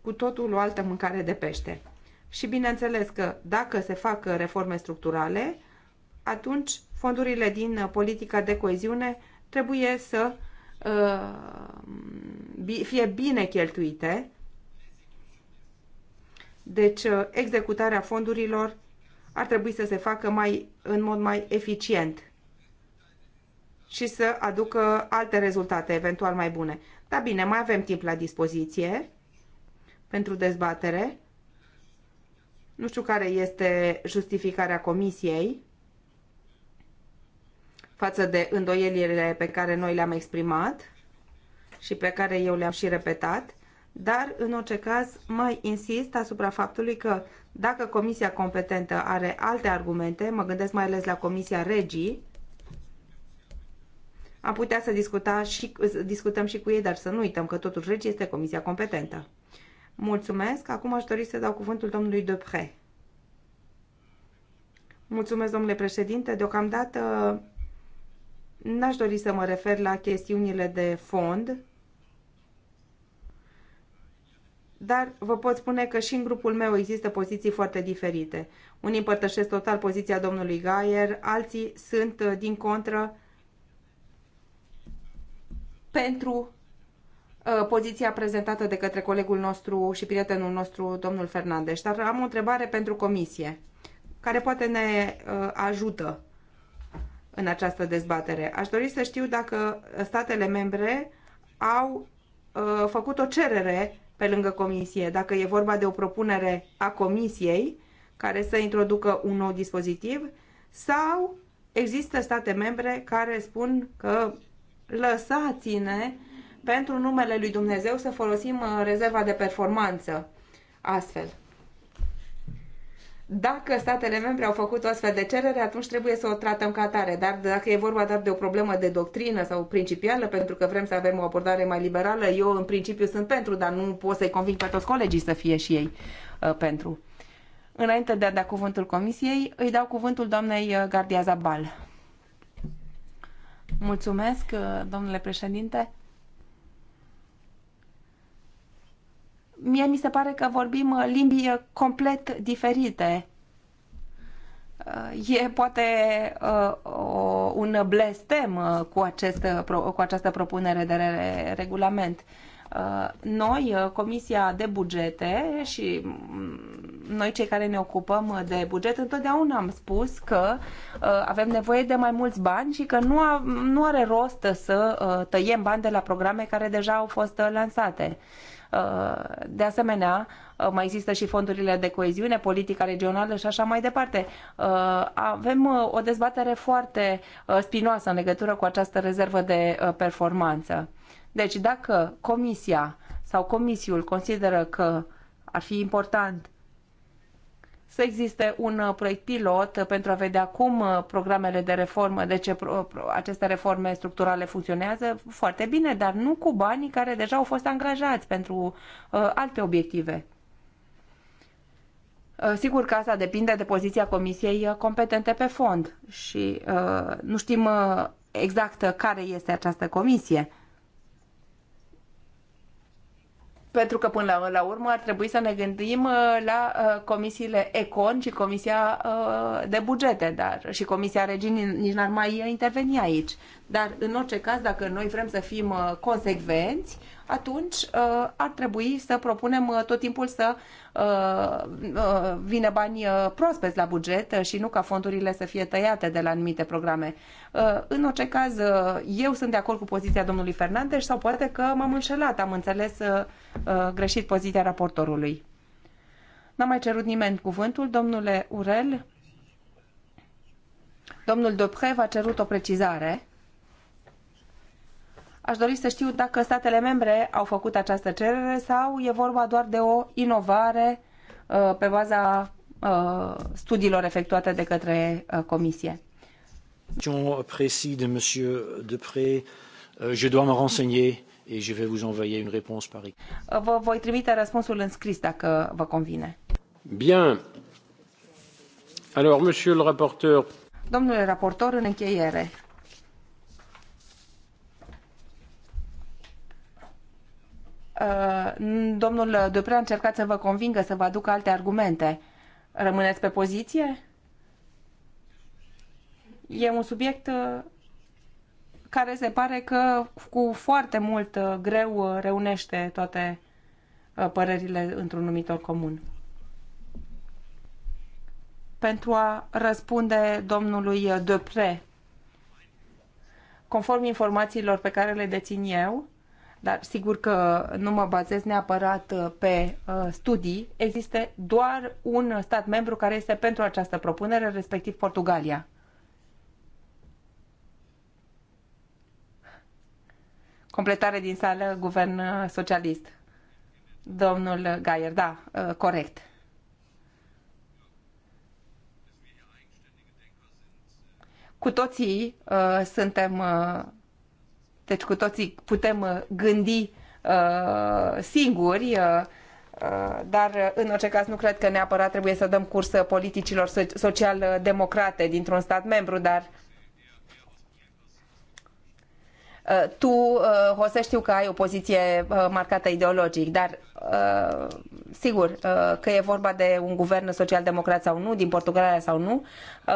Cu totul o altă mâncare de pește. Și bineînțeles că dacă se fac reforme structurale, atunci fondurile din politica de coeziune trebuie să uh, fie bine cheltuite. Deci, uh, executarea fondurilor ar trebui să se facă mai, în mod mai eficient și să aducă alte rezultate, eventual mai bune. Dar bine, mai avem timp la dispoziție pentru dezbatere. Nu știu care este justificarea comisiei față de îndoielile pe care noi le-am exprimat și pe care eu le-am și repetat, dar în orice caz mai insist asupra faptului că dacă comisia competentă are alte argumente, mă gândesc mai ales la comisia regii, am putea să, discuta și, să discutăm și cu ei, dar să nu uităm că totuși regii este comisia competentă. Mulțumesc. Acum aș dori să dau cuvântul domnului Depre. Mulțumesc, domnule președinte. Deocamdată N-aș dori să mă refer la chestiunile de fond, dar vă pot spune că și în grupul meu există poziții foarte diferite. Unii împărtășesc total poziția domnului Gaier, alții sunt, uh, din contră, pentru uh, poziția prezentată de către colegul nostru și prietenul nostru, domnul Fernandez. Dar am o întrebare pentru comisie, care poate ne uh, ajută în această dezbatere. Aș dori să știu dacă statele membre au uh, făcut o cerere pe lângă comisie, dacă e vorba de o propunere a comisiei care să introducă un nou dispozitiv sau există state membre care spun că lăsați-ne pentru numele lui Dumnezeu să folosim uh, rezerva de performanță astfel dacă statele membre au făcut o astfel de cerere, atunci trebuie să o tratăm ca atare. Dar dacă e vorba doar de o problemă de doctrină sau principială, pentru că vrem să avem o abordare mai liberală, eu în principiu sunt pentru, dar nu pot să-i conving pe toți colegii să fie și ei uh, pentru. Înainte de a da cuvântul comisiei, îi dau cuvântul doamnei uh, Gardia Zabal. Mulțumesc, uh, domnule președinte. mie mi se pare că vorbim uh, limbi uh, complet diferite. Uh, e poate un blestem cu, acest, cu această propunere de regulament. Noi, Comisia de Bugete și mm, noi cei care ne ocupăm de buget, întotdeauna am spus că avem nevoie de mai mulți bani și că nu, nu are rost să tăiem bani de la programe care deja au fost lansate. Uh, de asemenea, uh, mai există și fondurile de coeziune, politica regională și așa mai departe. Uh, avem o dezbatere foarte spinoasă în legătură cu această rezervă de performanță. Deci dacă Comisia sau Comisiul consideră că ar fi important să existe un uh, proiect pilot pentru a vedea cum uh, programele de reformă, de ce aceste reforme structurale funcționează foarte bine, dar nu cu banii care deja au fost angajați pentru uh, alte obiective. Sigur că asta depinde de poziția comisiei competente pe fond și nu știm exact care este această comisie. pentru că până la, urmă ar trebui să ne gândim uh, la uh, comisiile Econ și Comisia uh, de Bugete, dar și Comisia Reginii nici n-ar mai interveni aici. Dar, în orice caz, dacă noi vrem să fim uh, consecvenți, atunci uh, ar trebui să propunem uh, tot timpul să vină bani proaspeți la buget și nu ca fondurile să fie tăiate de la anumite programe. În orice caz, eu sunt de acord cu poziția domnului Fernandez sau poate că m-am înșelat, am înțeles greșit poziția raportorului. N-a mai cerut nimeni cuvântul. Domnule Urel, domnul Dopre v-a cerut o precizare. Aș dori să știu dacă statele membre au făcut această cerere sau e vorba doar de o inovare uh, pe baza uh, studiilor efectuate de către uh, Comisie. Précis de Monsieur Depré, euh, je dois me renseigner et je vais vous envoyer une réponse par Vă voi trimite răspunsul în scris dacă vă convine. Bien. Alors, monsieur le rapporteur. Domnule raportor, în încheiere, Uh, domnul Duprea a încercat să vă convingă să vă aducă alte argumente. Rămâneți pe poziție? E un subiect uh, care se pare că cu foarte mult uh, greu reunește toate părerile într-un numitor comun. Pentru a răspunde domnului Depre, conform informațiilor pe care le dețin eu, dar sigur că nu mă bazez neapărat uh, pe uh, studii. Există doar un stat membru care este pentru această propunere, respectiv Portugalia. Completare din sală, guvern uh, socialist. Domnul Gaier, da, corect. Cu toții uh, suntem uh, deci cu toții putem uh, gândi uh, singuri, uh, uh dar uh, în orice caz nu cred că neapărat trebuie să dăm curs politicilor social-democrate dintr-un stat membru, dar uh, Uh, tu, uh, Jose, știu că ai o poziție uh, marcată ideologic, dar sigur că e vorba de un guvern social-democrat sau nu, din Portugalia sau nu,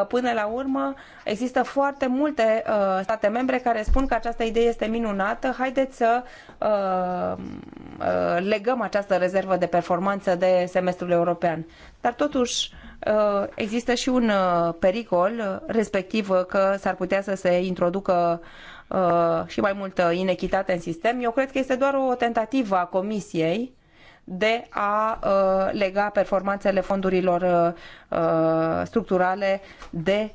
până la urmă există foarte multe state membre care spun că această idee este minunată, haideți să legăm această rezervă de performanță de semestrul european. Dar totuși există și un pericol, respectiv că s-ar putea să se introducă Uh, și mai multă inechitate în sistem, eu cred că este doar o tentativă a Comisiei de a uh, lega performanțele fondurilor uh, structurale de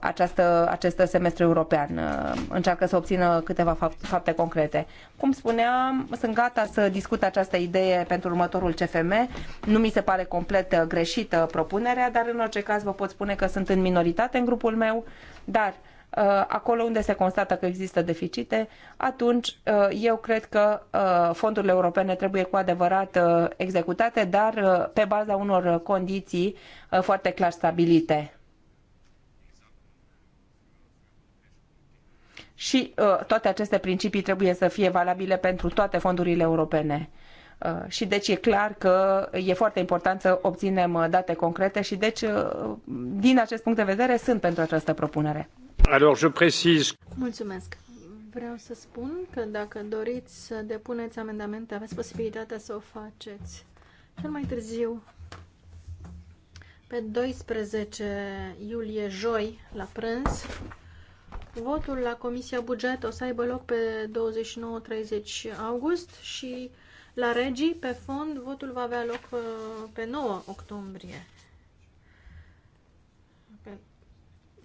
această, acest semestru european. Încearcă să obțină câteva fapte concrete. Cum spuneam, sunt gata să discut această idee pentru următorul CFM. Nu mi se pare complet greșită propunerea, dar în orice caz vă pot spune că sunt în minoritate în grupul meu, dar Uh, acolo unde se constată că există deficite, atunci uh, eu cred că uh, fondurile europene trebuie cu adevărat executate, dar pe baza unor condiții foarte clar stabilite. Și toate aceste principii trebuie să fie valabile pentru toate fondurile europene. Și deci e clar că e foarte important să obținem date concrete și deci din acest punct de vedere sunt pentru această propunere. Alors, je précise... Mulțumesc. Vreau să spun că dacă doriți să depuneți amendamente, aveți posibilitatea să o faceți. Cel mai târziu, pe 12 iulie, joi, la prânz, votul la Comisia Buget o să aibă loc pe 29-30 august și la regii, pe fond, votul va avea loc uh, pe 9 octombrie.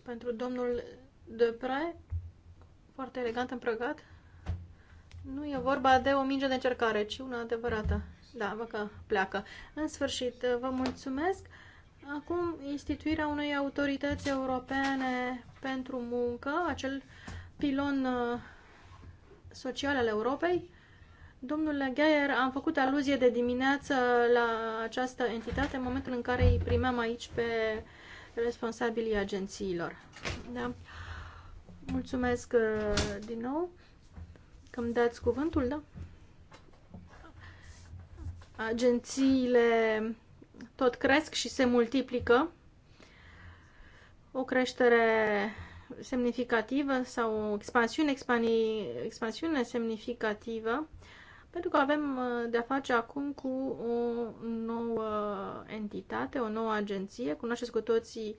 pentru domnul Depre, foarte elegant împrăcat. Nu e vorba de o minge de încercare, ci una adevărată. Da, vă că pleacă. În sfârșit, vă mulțumesc. Acum, instituirea unei autorități europene pentru muncă, acel pilon uh, social al Europei. Domnule Geier, am făcut aluzie de dimineață la această entitate în momentul în care îi primeam aici pe responsabilii agențiilor. Da? Mulțumesc uh, din nou că îmi dați cuvântul, da? Agențiile tot cresc și se multiplică. O creștere semnificativă sau o expansiune, expansiune semnificativă, pentru că avem uh, de-a face acum cu o nouă entitate, o nouă agenție. Cunoașteți cu toții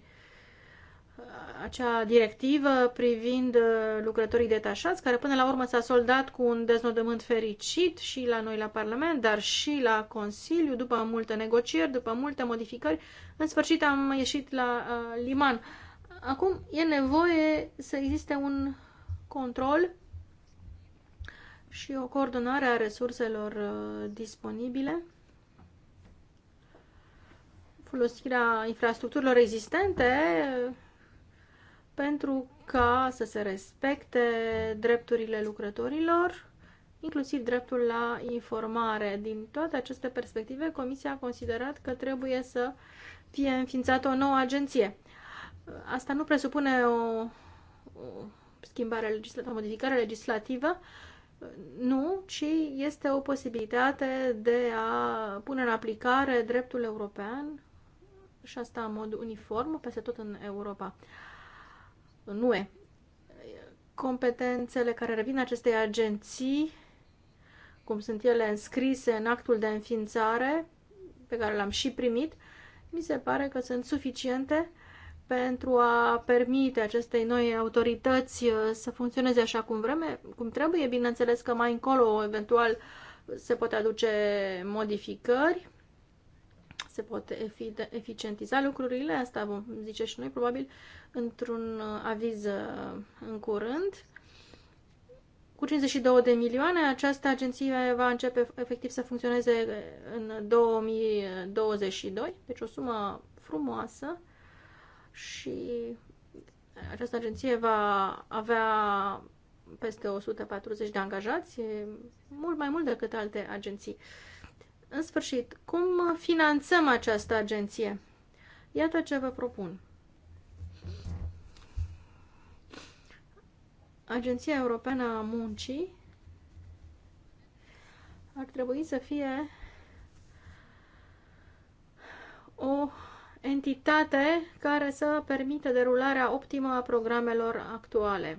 acea directivă privind uh, lucrătorii detașați, care până la urmă s-a soldat cu un deznodământ fericit și la noi la Parlament, dar și la Consiliu, după multe negocieri, după multe modificări. În sfârșit am ieșit la uh, liman. Acum e nevoie să existe un control și o coordonare a resurselor uh, disponibile folosirea infrastructurilor existente pentru ca să se respecte drepturile lucrătorilor, inclusiv dreptul la informare. Din toate aceste perspective, Comisia a considerat că trebuie să fie înființată o nouă agenție. Asta nu presupune o, o schimbare legislativă, o modificare legislativă, nu, ci este o posibilitate de a pune în aplicare dreptul european și asta în mod uniform peste tot în Europa în UE. Competențele care revin acestei agenții, cum sunt ele înscrise în actul de înființare, pe care l-am și primit, mi se pare că sunt suficiente pentru a permite acestei noi autorități uh, să funcționeze așa cum, vreme, cum trebuie. Bineînțeles că mai încolo, eventual, se pot aduce modificări se pot eficientiza lucrurile, asta vom zice și noi probabil într-un uh, aviz uh, în curând. Cu 52 de milioane, această agenție va începe efectiv să funcționeze uh, în 2022, deci o sumă frumoasă și această agenție va avea peste 140 de angajați, mult mai mult decât alte agenții. În sfârșit, cum finanțăm această agenție? Iată ce vă propun. Agenția Europeană a Muncii ar trebui să fie o entitate care să permită derularea optimă a programelor actuale.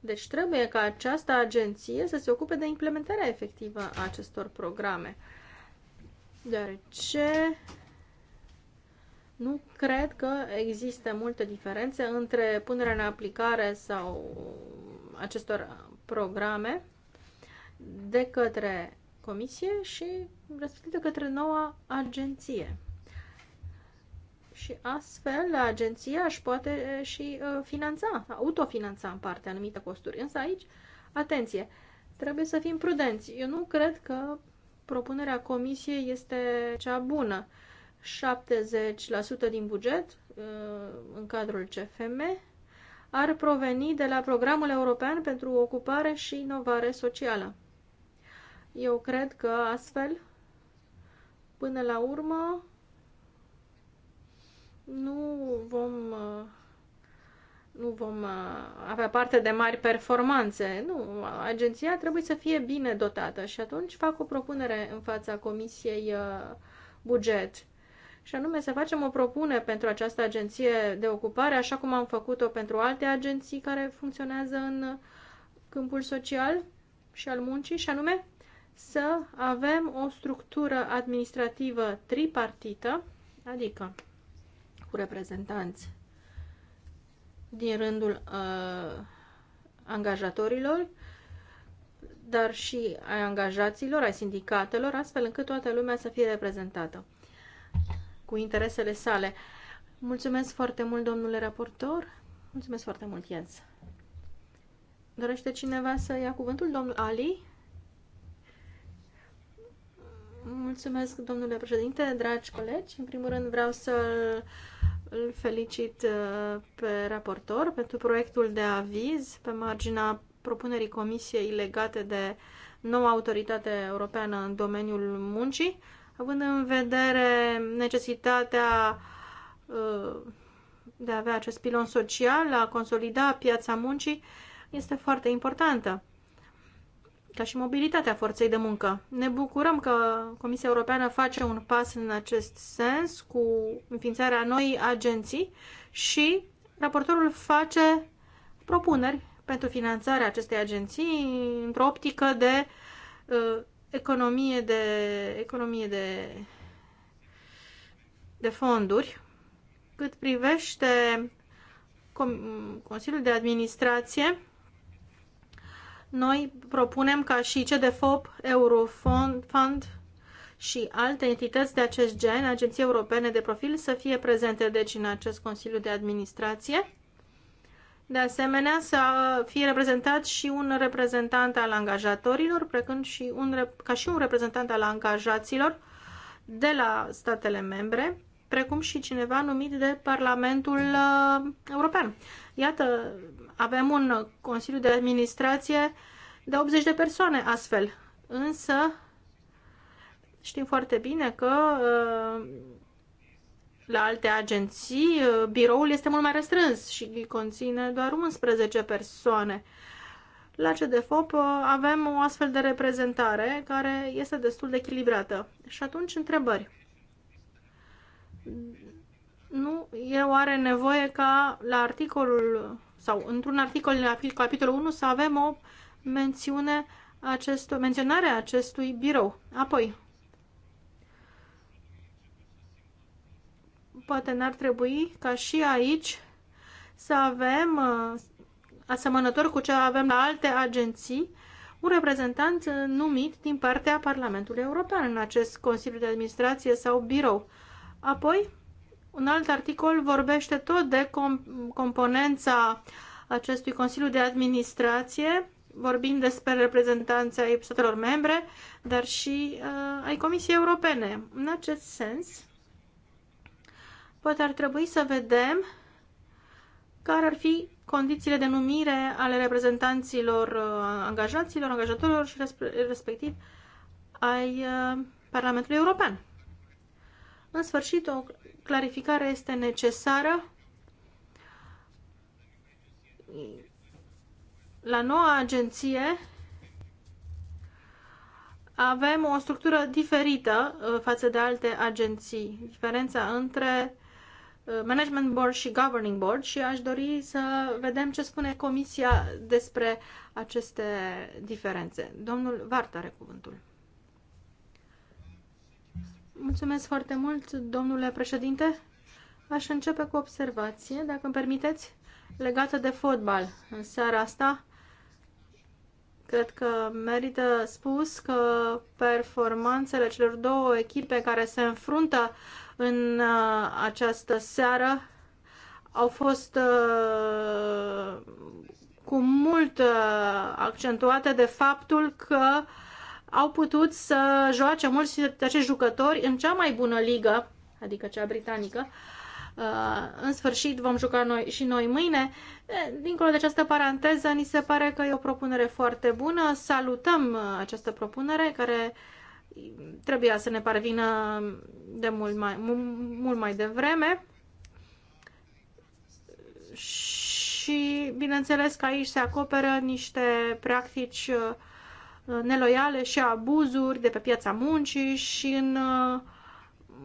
Deci trebuie ca această agenție să se ocupe de implementarea efectivă a acestor programe. Deoarece nu cred că există multe diferențe între punerea în aplicare sau acestor programe de către comisie și respectiv de către noua agenție și astfel agenția își poate și finanța, autofinanța în parte anumite costuri. Însă aici, atenție, trebuie să fim prudenți. Eu nu cred că propunerea comisiei este cea bună. 70% din buget în cadrul CFM ar proveni de la Programul European pentru Ocupare și Inovare Socială. Eu cred că astfel, până la urmă, nu vom, uh, nu vom uh, avea parte de mari performanțe. Nu, agenția trebuie să fie bine dotată și atunci fac o propunere în fața Comisiei uh, Buget și anume să facem o propunere pentru această agenție de ocupare, așa cum am făcut-o pentru alte agenții care funcționează în câmpul social și al muncii, și anume să avem o structură administrativă tripartită, adică cu reprezentanți din rândul uh, angajatorilor, dar și ai angajaților, ai sindicatelor, astfel încât toată lumea să fie reprezentată cu interesele sale. Mulțumesc foarte mult, domnule raportor. Mulțumesc foarte mult, Jens. Dorește cineva să ia cuvântul? Domnul Ali? Mulțumesc, domnule președinte, dragi colegi. În primul rând vreau să îl felicit uh, pe raportor pentru proiectul de aviz pe marginea propunerii Comisiei legate de noua autoritate europeană în domeniul muncii, având în vedere necesitatea uh, de a avea acest pilon social, a consolida piața muncii, este foarte importantă ca și mobilitatea forței de muncă. Ne bucurăm că Comisia Europeană face un pas în acest sens cu înființarea noii agenții și raportorul face propuneri pentru finanțarea acestei agenții într-o optică de uh, economie de economie de de fonduri cât privește Consiliul de Administrație noi propunem ca și CDFOP, Eurofund și alte entități de acest gen, agenții europene de profil, să fie prezente deci în acest Consiliu de Administrație. De asemenea, să fie reprezentat și un reprezentant al angajatorilor, precând și un, ca și un reprezentant al angajaților de la statele membre, precum și cineva numit de Parlamentul uh, European. Iată, avem un Consiliu de Administrație de 80 de persoane astfel, însă știm foarte bine că uh, la alte agenții uh, biroul este mult mai restrâns și conține doar 11 persoane. La CDFOP uh, avem o astfel de reprezentare care este destul de echilibrată. Și atunci întrebări nu e oare nevoie ca la articolul sau într-un articol la capitolul 1 să avem o mențiune acest, menționarea acestui birou. Apoi, poate n-ar trebui ca și aici să avem, uh, asemănător cu ce avem la alte agenții, un reprezentant numit din partea Parlamentului European în acest Consiliu de Administrație sau birou. Apoi, un alt articol vorbește tot de com- componența acestui Consiliu de Administrație, vorbind despre reprezentanța ai statelor membre, dar și uh, ai Comisiei Europene. În acest sens, poate ar trebui să vedem care ar fi condițiile de numire ale reprezentanților uh, angajaților, angajatorilor și respectiv ai uh, Parlamentului European. În sfârșit, o clarificarea este necesară. La noua agenție avem o structură diferită uh, față de alte agenții. Diferența între uh, Management Board și Governing Board și aș dori să vedem ce spune Comisia despre aceste diferențe. Domnul Vart are cuvântul. Mulțumesc foarte mult, domnule președinte. Aș începe cu o observație, dacă îmi permiteți, legată de fotbal. În seara asta, cred că merită spus că performanțele celor două echipe care se înfruntă în uh, această seară au fost uh, cu mult uh, accentuate de faptul că au putut să joace mulți dintre acești jucători în cea mai bună ligă, adică cea britanică. Uh, în sfârșit vom juca noi și noi mâine. Dincolo de această paranteză, ni se pare că e o propunere foarte bună. Salutăm uh, această propunere care trebuia să ne parvină de mult mai, mult mai devreme. Și bineînțeles că aici se acoperă niște practici uh, neloiale și abuzuri de pe piața muncii și în uh,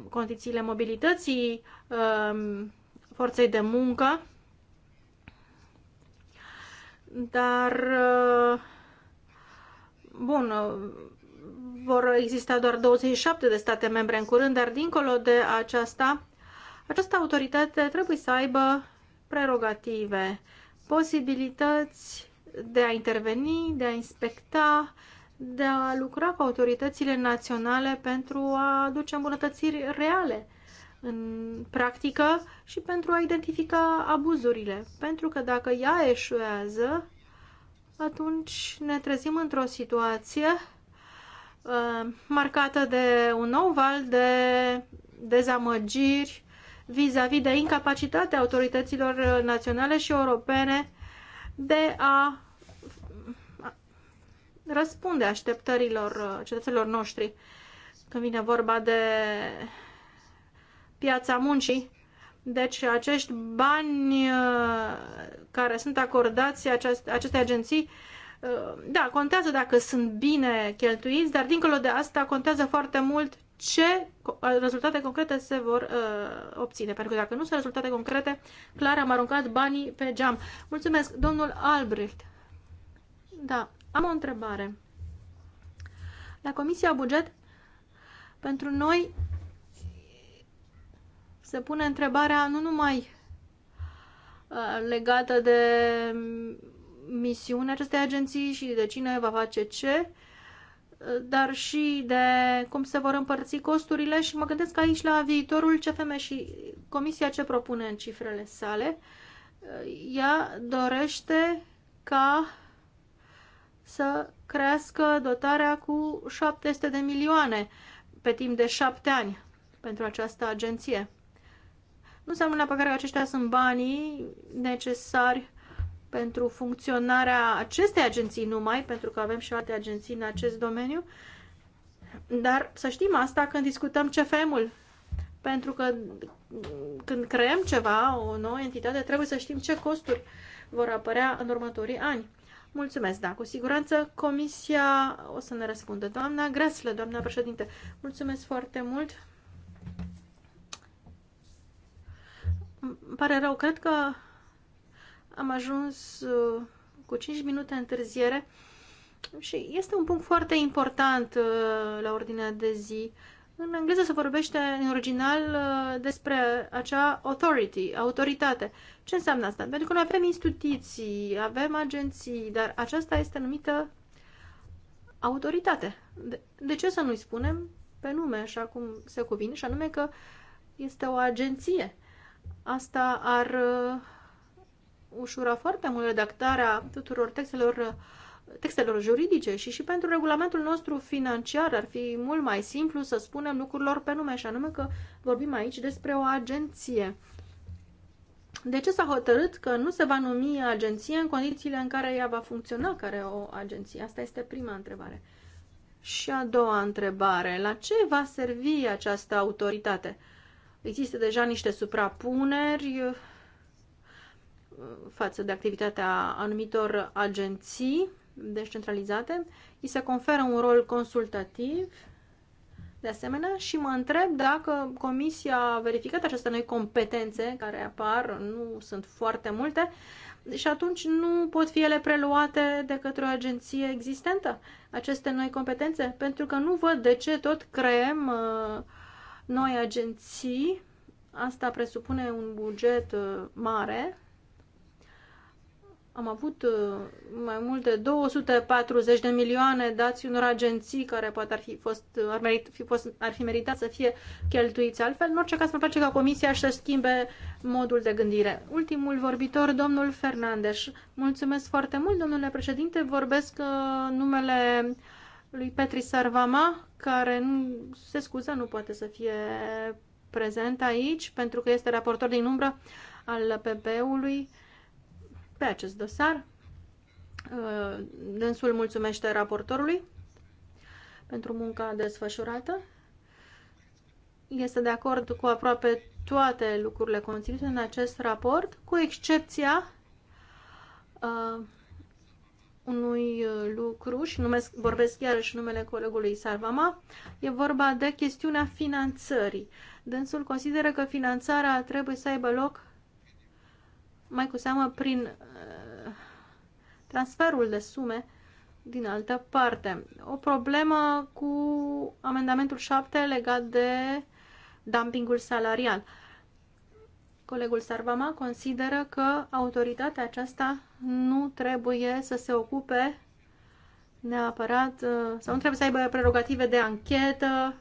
condițiile mobilității um, forței de muncă. Dar, uh, bun, vor exista doar 27 de state membre în curând, dar dincolo de aceasta, această autoritate trebuie să aibă prerogative, posibilități de a interveni, de a inspecta, de a lucra cu autoritățile naționale pentru a aduce îmbunătățiri reale în practică și pentru a identifica abuzurile. Pentru că dacă ea eșuează, atunci ne trezim într-o situație uh, marcată de un nou val de dezamăgiri vis-a-vis -vis de incapacitatea autorităților naționale și europene de a răspunde așteptărilor uh, cetățenilor noștri când vine vorba de piața muncii. Deci acești bani uh, care sunt acordați aceste agenții, uh, da, contează dacă sunt bine cheltuiți, dar dincolo de asta contează foarte mult ce rezultate concrete se vor uh, obține. Pentru că dacă nu sunt rezultate concrete, clar am aruncat banii pe geam. Mulțumesc, domnul Albrecht. Da, am o întrebare. La Comisia Buget, pentru noi se pune întrebarea nu numai uh, legată de misiunea acestei agenții și de cine va face ce, uh, dar și de cum se vor împărți costurile și mă gândesc aici la viitorul CFM și comisia ce propune în cifrele sale. Uh, ea dorește ca să crească dotarea cu 700 de milioane pe timp de șapte ani pentru această agenție. Nu înseamnă neapărat că aceștia sunt banii necesari pentru funcționarea acestei agenții numai, pentru că avem și alte agenții în acest domeniu, dar să știm asta când discutăm CFM-ul. Pentru că când creăm ceva, o nouă entitate, trebuie să știm ce costuri vor apărea în următorii ani. Mulțumesc, da, cu siguranță comisia o să ne răspundă. Doamna Grasle, doamna președinte, mulțumesc foarte mult. Îmi pare rău, cred că am ajuns uh, cu 5 minute întârziere și este un punct foarte important uh, la ordinea de zi. În engleză se vorbește în original uh, despre acea authority, autoritate. Ce înseamnă asta? Pentru că noi avem instituții, avem agenții, dar aceasta este numită autoritate. De, de ce să nu-i spunem pe nume, așa cum se cuvine, și anume că este o agenție. Asta ar uh, ușura foarte mult redactarea tuturor textelor, uh, textelor juridice și și pentru regulamentul nostru financiar ar fi mult mai simplu să spunem lucrurilor pe nume, și anume că vorbim aici despre o agenție de ce s-a hotărât că nu se va numi agenție în condițiile în care ea va funcționa care o agenție? Asta este prima întrebare. Și a doua întrebare, la ce va servi această autoritate? Există deja niște suprapuneri uh, față de activitatea anumitor agenții descentralizate. Îi se conferă un rol consultativ de asemenea și mă întreb dacă Comisia a verificat aceste noi competențe care apar, nu sunt foarte multe, și atunci nu pot fi ele preluate de către o agenție existentă, aceste noi competențe, pentru că nu văd de ce tot creăm uh, noi agenții. Asta presupune un buget uh, mare am avut uh, mai mult de 240 de milioane dați unor agenții care poate ar fi, fost, uh, ar, merit, fi fost, ar fi meritat să fie cheltuiți altfel. În orice caz, mă place ca Comisia să schimbe modul de gândire. Ultimul vorbitor, domnul Fernandes. Mulțumesc foarte mult, domnule președinte. Vorbesc uh, numele lui Petri Sarvama, care nu, se scuză, nu poate să fie prezent aici, pentru că este raportor din umbră al PP-ului pe acest dosar. Uh, dânsul mulțumește raportorului pentru munca desfășurată. Este de acord cu aproape toate lucrurile conținute în acest raport, cu excepția uh, unui lucru și numesc, vorbesc iarăși numele colegului Sarvama, e vorba de chestiunea finanțării. Dânsul consideră că finanțarea trebuie să aibă loc mai cu seamă prin uh, transferul de sume din altă parte. O problemă cu amendamentul 7 legat de dumpingul salarial. Colegul Sarvama consideră că autoritatea aceasta nu trebuie să se ocupe neapărat uh, sau nu trebuie să aibă prerogative de anchetă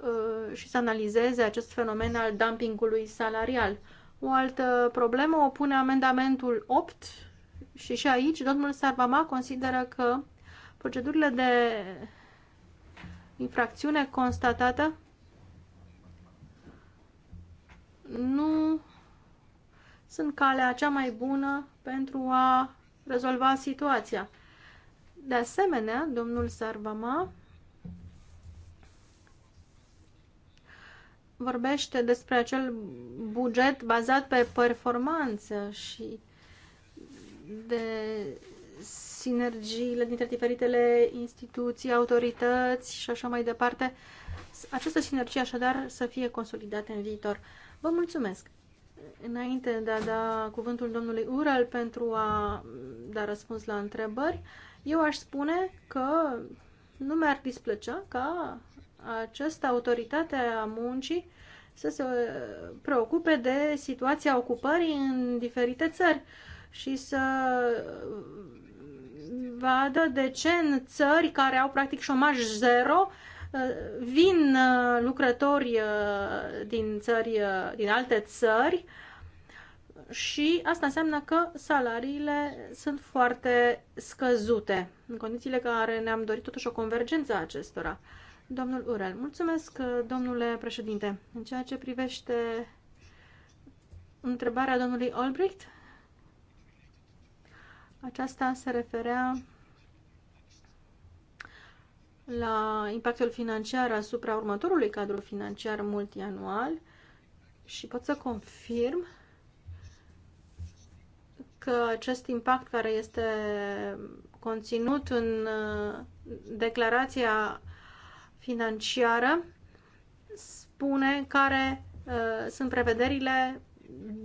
uh, și să analizeze acest fenomen al dumpingului salarial. O altă problemă o pune amendamentul 8 și și aici domnul Sarvama consideră că procedurile de infracțiune constatată nu sunt calea cea mai bună pentru a rezolva situația. De asemenea, domnul Sarvama vorbește despre acel buget bazat pe performanță și de sinergiile dintre diferitele instituții, autorități și așa mai departe. Această sinergie așadar să fie consolidată în viitor. Vă mulțumesc! Înainte de a da cuvântul domnului Ural pentru a da răspuns la întrebări, eu aș spune că nu mi-ar displăcea ca această autoritate a muncii să se preocupe de situația ocupării în diferite țări și să vadă de ce în țări care au practic șomaj zero uh, vin uh, lucrători uh, din, țări, din alte țări și asta înseamnă că salariile sunt foarte scăzute, în condițiile care ne-am dorit totuși o convergență a acestora. Domnul Urel. Mulțumesc, domnule președinte. În ceea ce privește întrebarea domnului Olbricht, aceasta se referea la impactul financiar asupra următorului cadru financiar multianual și pot să confirm că acest impact care este conținut în uh, declarația financiară spune care uh, sunt prevederile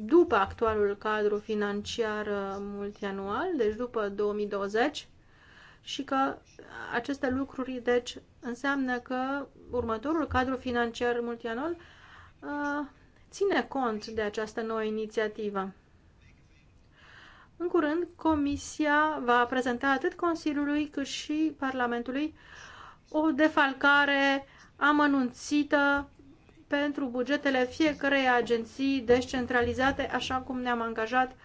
după actualul cadru financiar uh, multianual, deci după 2020, și că aceste lucruri, deci, înseamnă că următorul cadru financiar multianual uh, ține cont de această nouă inițiativă. În curând, Comisia va prezenta atât Consiliului cât și Parlamentului o defalcare amănunțită pentru bugetele fiecarei agenții descentralizate, așa cum ne-am angajat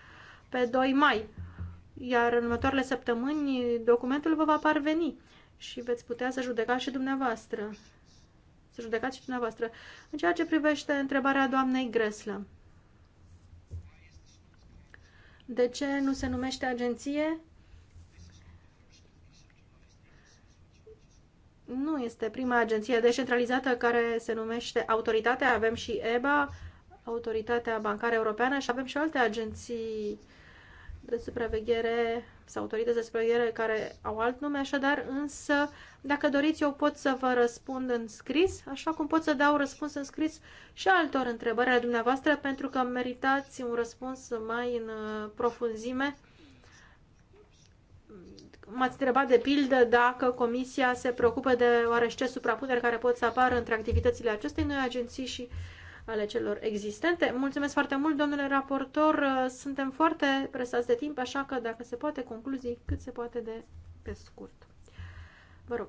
pe 2 mai. Iar în următoarele săptămâni documentul vă va parveni și veți putea să judecați și dumneavoastră. Să judecați și dumneavoastră. În ceea ce privește întrebarea doamnei Greslă. De ce nu se numește agenție? nu este prima agenție decentralizată care se numește Autoritatea, avem și EBA, Autoritatea Bancară Europeană și avem și alte agenții de supraveghere sau autorități de supraveghere care au alt nume, așadar, însă, dacă doriți, eu pot să vă răspund în scris, așa cum pot să dau răspuns în scris și altor întrebări ale dumneavoastră, pentru că meritați un răspuns mai în uh, profunzime M-ați întrebat de pildă dacă Comisia se preocupă de oarește suprapuneri care pot să apară între activitățile acestei noi agenții și ale celor existente. Mulțumesc foarte mult, domnule raportor. Suntem foarte presați de timp, așa că, dacă se poate, concluzii cât se poate de pe scurt. Vă rog.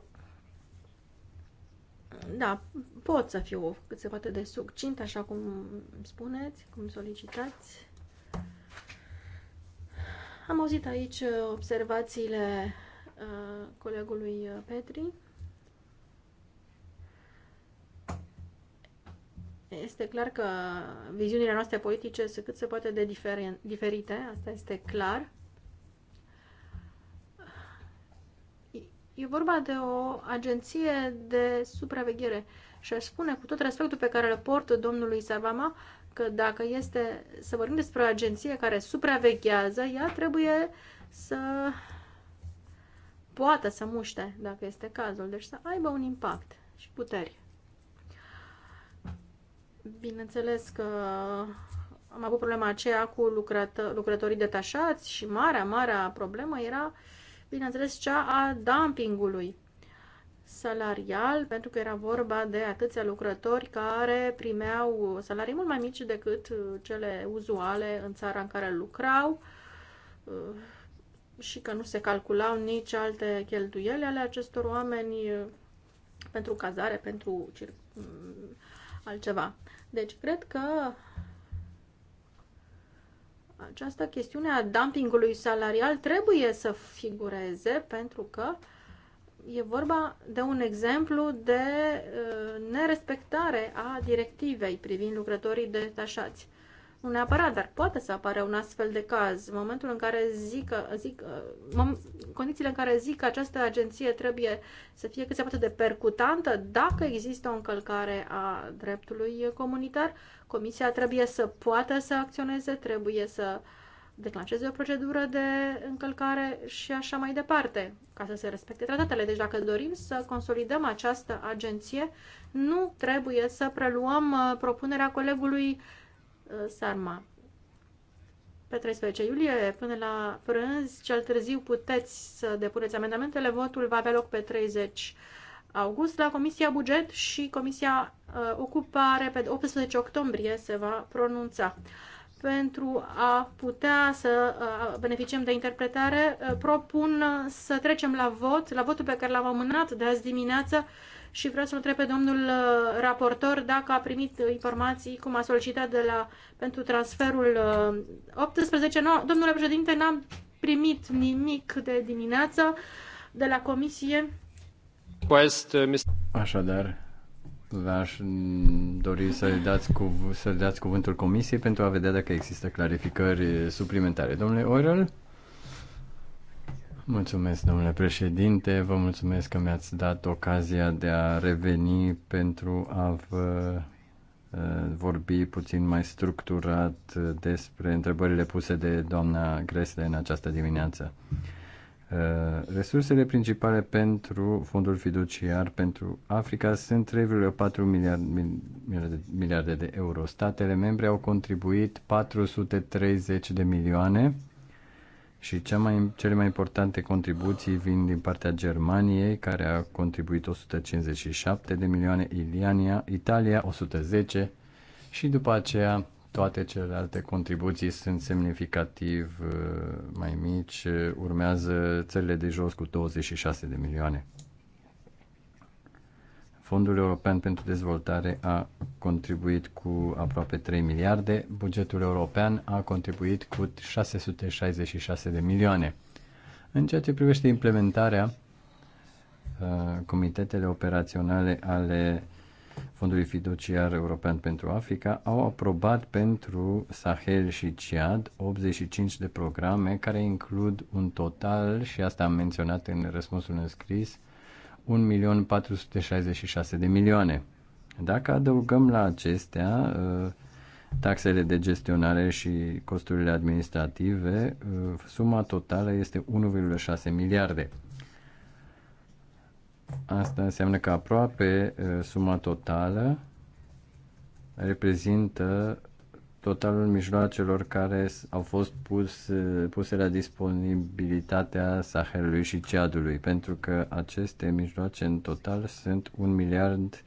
Da, pot să fiu cât se poate de succint, așa cum spuneți, cum solicitați. Am auzit aici uh, observațiile uh, colegului uh, Petri. Este clar că viziunile noastre politice sunt cât se poate de diferite, asta este clar. E vorba de o agenție de supraveghere și aș spune, cu tot respectul pe care îl port domnului Sarvama, că dacă este să vorbim despre o agenție care supraveghează, ea trebuie să poată să muște, dacă este cazul, deci să aibă un impact și puteri. Bineînțeles că am avut problema aceea cu lucrătă, lucrătorii detașați și marea, marea problemă era, bineînțeles, cea a dumpingului salarial, pentru că era vorba de atâția lucrători care primeau salarii mult mai mici decât uh, cele uzuale în țara în care lucrau uh, și că nu se calculau nici alte cheltuieli ale acestor oameni uh, pentru cazare, pentru mm, altceva. Deci, cred că această chestiune a dumpingului salarial trebuie să figureze pentru că uh, e vorba de un exemplu de uh, nerespectare a directivei privind lucrătorii detașați. Nu neapărat, dar poate să apare un astfel de caz. În momentul în care zic, zic uh, condițiile în care zic că această agenție trebuie să fie cât se poate de percutantă, dacă există o încălcare a dreptului comunitar, comisia trebuie să poată să acționeze, trebuie să uh, declanșeze o procedură de încălcare și așa mai departe, ca să se respecte tratatele. Deci dacă dorim să consolidăm această agenție, nu trebuie să preluăm uh, propunerea colegului uh, Sarma. Pe 13 iulie, până la prânz, cel târziu puteți să depuneți amendamentele. Votul va avea loc pe 30 august la Comisia Buget și Comisia uh, Ocupare pe 18 octombrie se va pronunța pentru a putea să beneficiem de interpretare, propun să trecem la vot, la votul pe care l-am amânat de azi dimineață și vreau să-l întreb pe domnul raportor dacă a primit informații, cum a solicitat de la, pentru transferul 18. No, domnule președinte, n-am primit nimic de dimineață de la comisie. Uh, Așadar, V-aș dori să-i dați, cuv- să dați cuvântul comisiei pentru a vedea dacă există clarificări suplimentare. Domnule Orel? Mulțumesc, domnule președinte, vă mulțumesc că mi-ați dat ocazia de a reveni pentru a vă eh, vorbi puțin mai structurat despre întrebările puse de doamna Gresle în această dimineață. Uh, resursele principale pentru fondul fiduciar pentru Africa sunt 3,4 miliarde, miliarde de euro. Statele membre au contribuit 430 de milioane și cea mai, cele mai importante contribuții vin din partea Germaniei, care a contribuit 157 de milioane, Iliania, Italia 110 și după aceea toate celelalte contribuții sunt semnificativ uh, mai mici. Urmează țările de jos cu 26 de milioane. Fondul European pentru Dezvoltare a contribuit cu aproape 3 miliarde, bugetul european a contribuit cu 666 de milioane. În ceea ce privește implementarea, uh, comitetele operaționale ale Fondului Fiduciar European pentru Africa au aprobat pentru Sahel și Ciad 85 de programe care includ un total, și asta am menționat în răspunsul înscris, 1.466 de milioane. Dacă adăugăm la acestea uh, taxele de gestionare și costurile administrative, uh, suma totală este 1,6 miliarde. Asta înseamnă că aproape suma totală reprezintă totalul mijloacelor care au fost pus, puse la disponibilitatea Sahelului și Ceadului, pentru că aceste mijloace în total sunt 1 miliard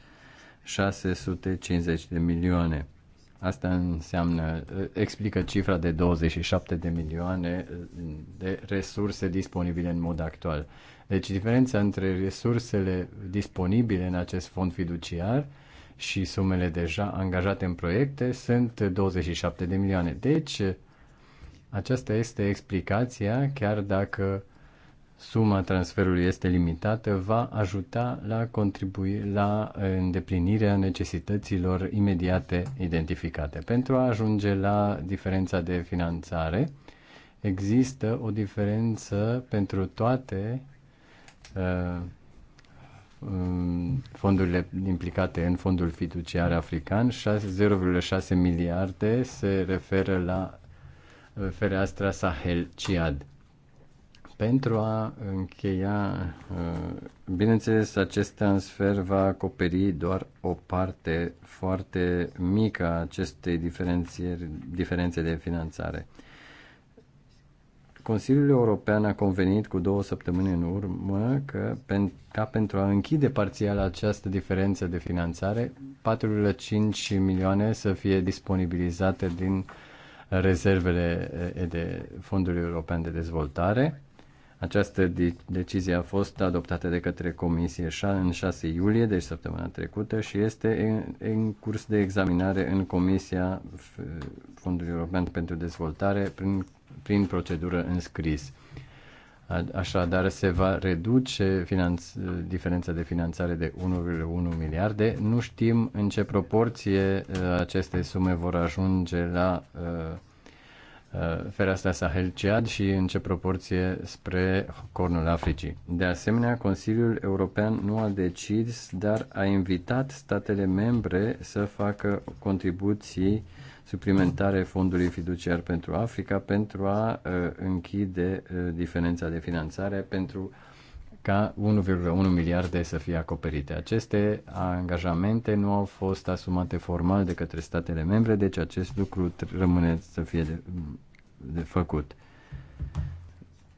650 de milioane. Asta înseamnă, uh, explică cifra de 27 de milioane uh, de resurse disponibile în mod actual. Deci diferența între resursele disponibile în acest fond fiduciar și sumele deja angajate în proiecte sunt 27 de milioane. Deci aceasta este explicația, chiar dacă suma transferului este limitată, va ajuta la, contribui, la uh, îndeplinirea necesităților imediate identificate. Pentru a ajunge la diferența de finanțare, există o diferență pentru toate uh, um, fondurile implicate în fondul fiduciar african, 0,6 miliarde se referă la uh, fereastra Sahel-Ciad pentru a încheia, uh, bineînțeles, acest transfer va acoperi doar o parte foarte mică a acestei diferențe de finanțare. Consiliul European a convenit cu două săptămâni în urmă că, pen, ca pentru a închide parțial această diferență de finanțare, 4,5 milioane să fie disponibilizate din rezervele uh, de Fondului European de Dezvoltare această decizie a fost adoptată de către Comisie în 6 iulie, deci săptămâna trecută, și este în, în curs de examinare în Comisia Fondului European pentru Dezvoltare prin, prin procedură înscris. Așadar, se va reduce finanț, diferența de finanțare de 1,1 miliarde. Nu știm în ce proporție uh, aceste sume vor ajunge la uh, Uh, fereastra Sahel-Ciad și în ce proporție spre Cornul Africii. De asemenea, Consiliul European nu a decis, dar a invitat statele membre să facă contribuții suplimentare Fondului Fiduciar pentru Africa pentru a uh, închide uh, diferența de finanțare pentru ca 1,1 miliarde să fie acoperite. Aceste angajamente nu au fost asumate formal de către statele membre, deci acest lucru rămâne să fie de, de făcut.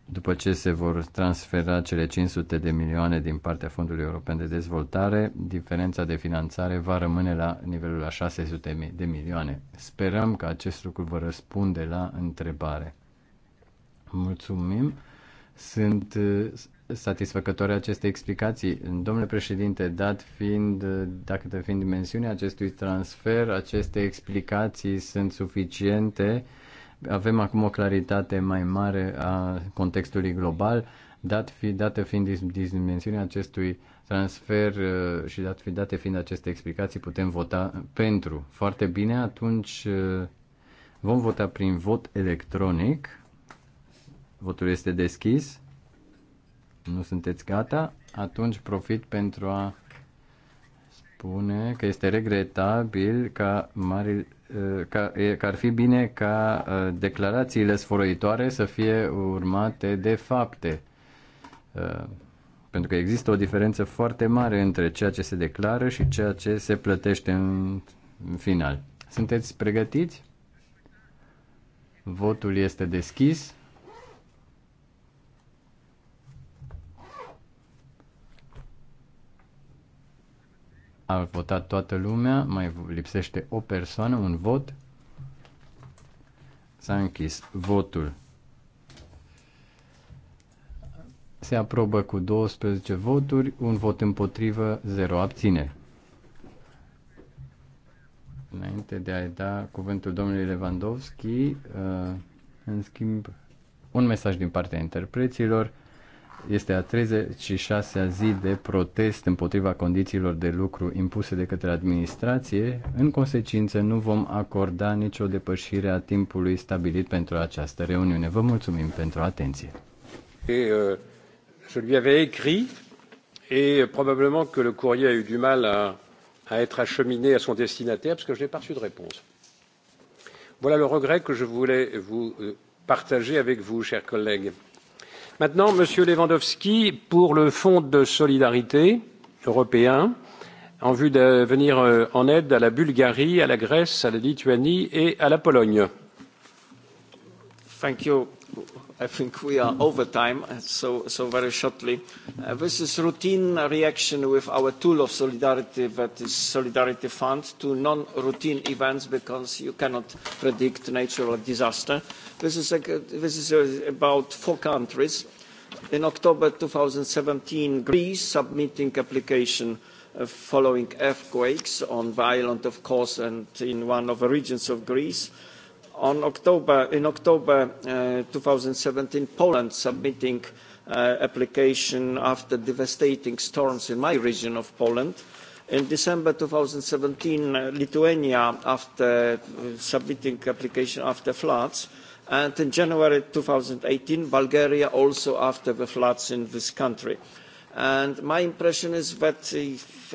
După ce se vor transfera cele 500 de milioane din partea Fondului European de Dezvoltare, diferența de finanțare va rămâne la nivelul a 600 de milioane. Sperăm că acest lucru vă răspunde la întrebare. Mulțumim! Sunt satisfăcătoare aceste explicații. Domnule președinte, dat fiind, dacă te fiind dimensiunea acestui transfer, aceste explicații sunt suficiente. Avem acum o claritate mai mare a contextului global, dat fi, dată fiind dimensiunea acestui transfer uh, și dat fi, date fiind aceste explicații, putem vota pentru. Foarte bine, atunci uh, vom vota prin vot electronic. Votul este deschis nu sunteți gata, atunci profit pentru a spune că este regretabil ca, mari, uh, ca, că ar fi bine ca uh, declarațiile sfărăitoare să fie urmate de fapte. Uh, pentru că există o diferență foarte mare între ceea ce se declară și ceea ce se plătește în final. Sunteți pregătiți? Votul este deschis. A votat toată lumea, mai lipsește o persoană, un vot. S-a închis votul. Se aprobă cu 12 voturi, un vot împotrivă, 0 abțineri. Înainte de a-i da cuvântul domnului Lewandowski, uh, în schimb, un mesaj din partea interpreților este a 36-a zi de protest împotriva condițiilor de lucru impuse de către administrație. În consecință, nu vom acorda nicio depășire a timpului stabilit pentru această reuniune. Vă mulțumim pentru atenție. Et, euh, je lui avais écrit et probablement que le courrier a eu du mal à, à être acheminé à son destinataire parce que je n'ai pas reçu de réponse. Voilà le regret que je voulais vous euh, partager avec vous, chers collègues. Maintenant, Monsieur Lewandowski, pour le Fonds de solidarité européen, en vue de venir euh, en aide à la Bulgarie, à la Grèce, à la Lituanie et à la Pologne. Thank you. I think we are over time, uh, so, so very shortly. Uh, this is routine reaction with our tool of solidarity, that is Solidarity Fund, to non-routine events because you cannot predict natural disaster. This is, a, this is uh, about four countries. In October 2017, Greece submitting application uh, following earthquakes on the island of Kos and in one of the regions of Greece in October, uh, two thousand and seventeen Poland submitting an uh, application after devastating storms in my region of Poland. In December 2017, uh, Lithuania after uh, submitting application after floods. And in January two thousand and eighteen Bulgaria also after the floods in this country. Uh, And my impression is that,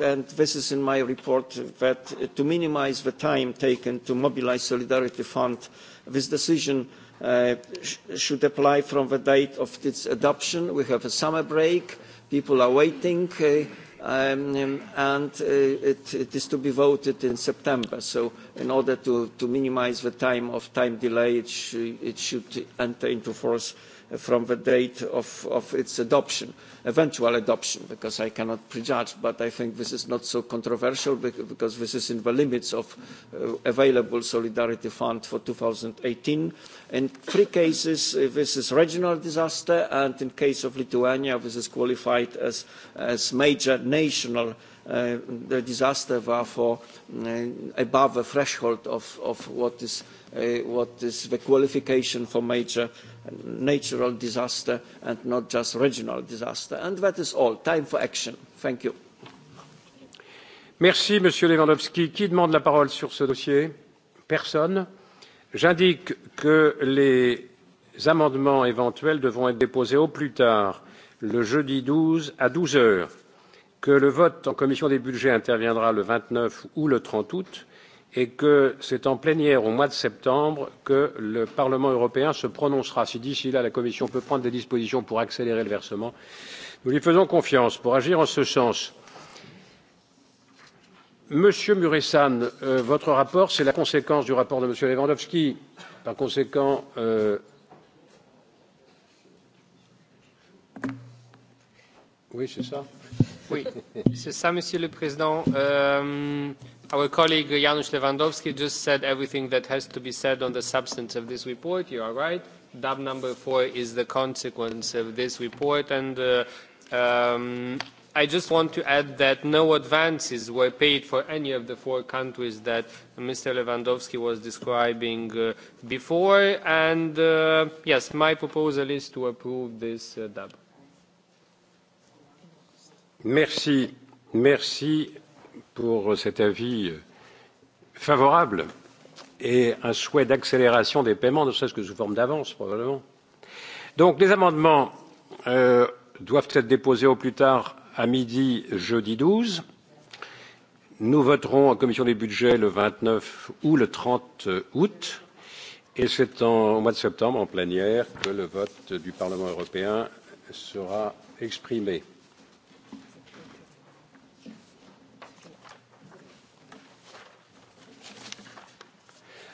and this is in my report, that to minimize the time taken to mobilize Solidarity Fund, this decision uh, sh should apply from the date of its adoption. We have a summer break, people are waiting, uh, um, and uh, it, it is to be voted in September. So in order to, to minimize the time of time delay, it, sh it should enter into force from the date of, of its adoption, eventual adoption, because I cannot prejudge, but I think this is not so controversial because this is in the limits of uh, available Solidarity Fund for 2018. In three cases, uh, this is regional disaster, and in case of Lithuania, this is qualified as, as major national uh, disaster, therefore uh, above the threshold of, of what is Uh, what is the qualification for major natural disaster and not just regional disaster. And that is all. Time for action. Thank you. Merci, Monsieur Lewandowski. Qui demande la parole sur ce dossier Personne. J'indique que les amendements éventuels devront être déposés au plus tard le jeudi 12 à 12 heures, que le vote en commission des budgets interviendra le 29 ou le 30 août et que c'est en plénière au mois de septembre que le Parlement européen se prononcera. Si d'ici là la Commission peut prendre des dispositions pour accélérer le versement, nous lui faisons confiance pour agir en ce sens. Monsieur Muresan, euh, votre rapport, c'est la conséquence du rapport de Monsieur Lewandowski. Par conséquent, euh, oui, c'est ça. Oui, c'est ça, Monsieur le Président. Euh, Our colleague Janusz Lewandowski just said everything that has to be said on the substance of this report. You are right. DAB number four is the consequence of this report. And uh, um, I just want to add that no advances were paid for any of the four countries that Mr. Lewandowski was describing uh, before. And uh, yes, my proposal is to approve this uh, DAB. Merci. Merci pour cet avis favorable et un souhait d'accélération des paiements, ne serait-ce que sous forme d'avance probablement. Donc les amendements euh, doivent être déposés au plus tard à midi jeudi 12. Nous voterons en commission des budgets le 29 ou le 30 août. Et c'est au mois de septembre, en plénière, que le vote du Parlement européen sera exprimé.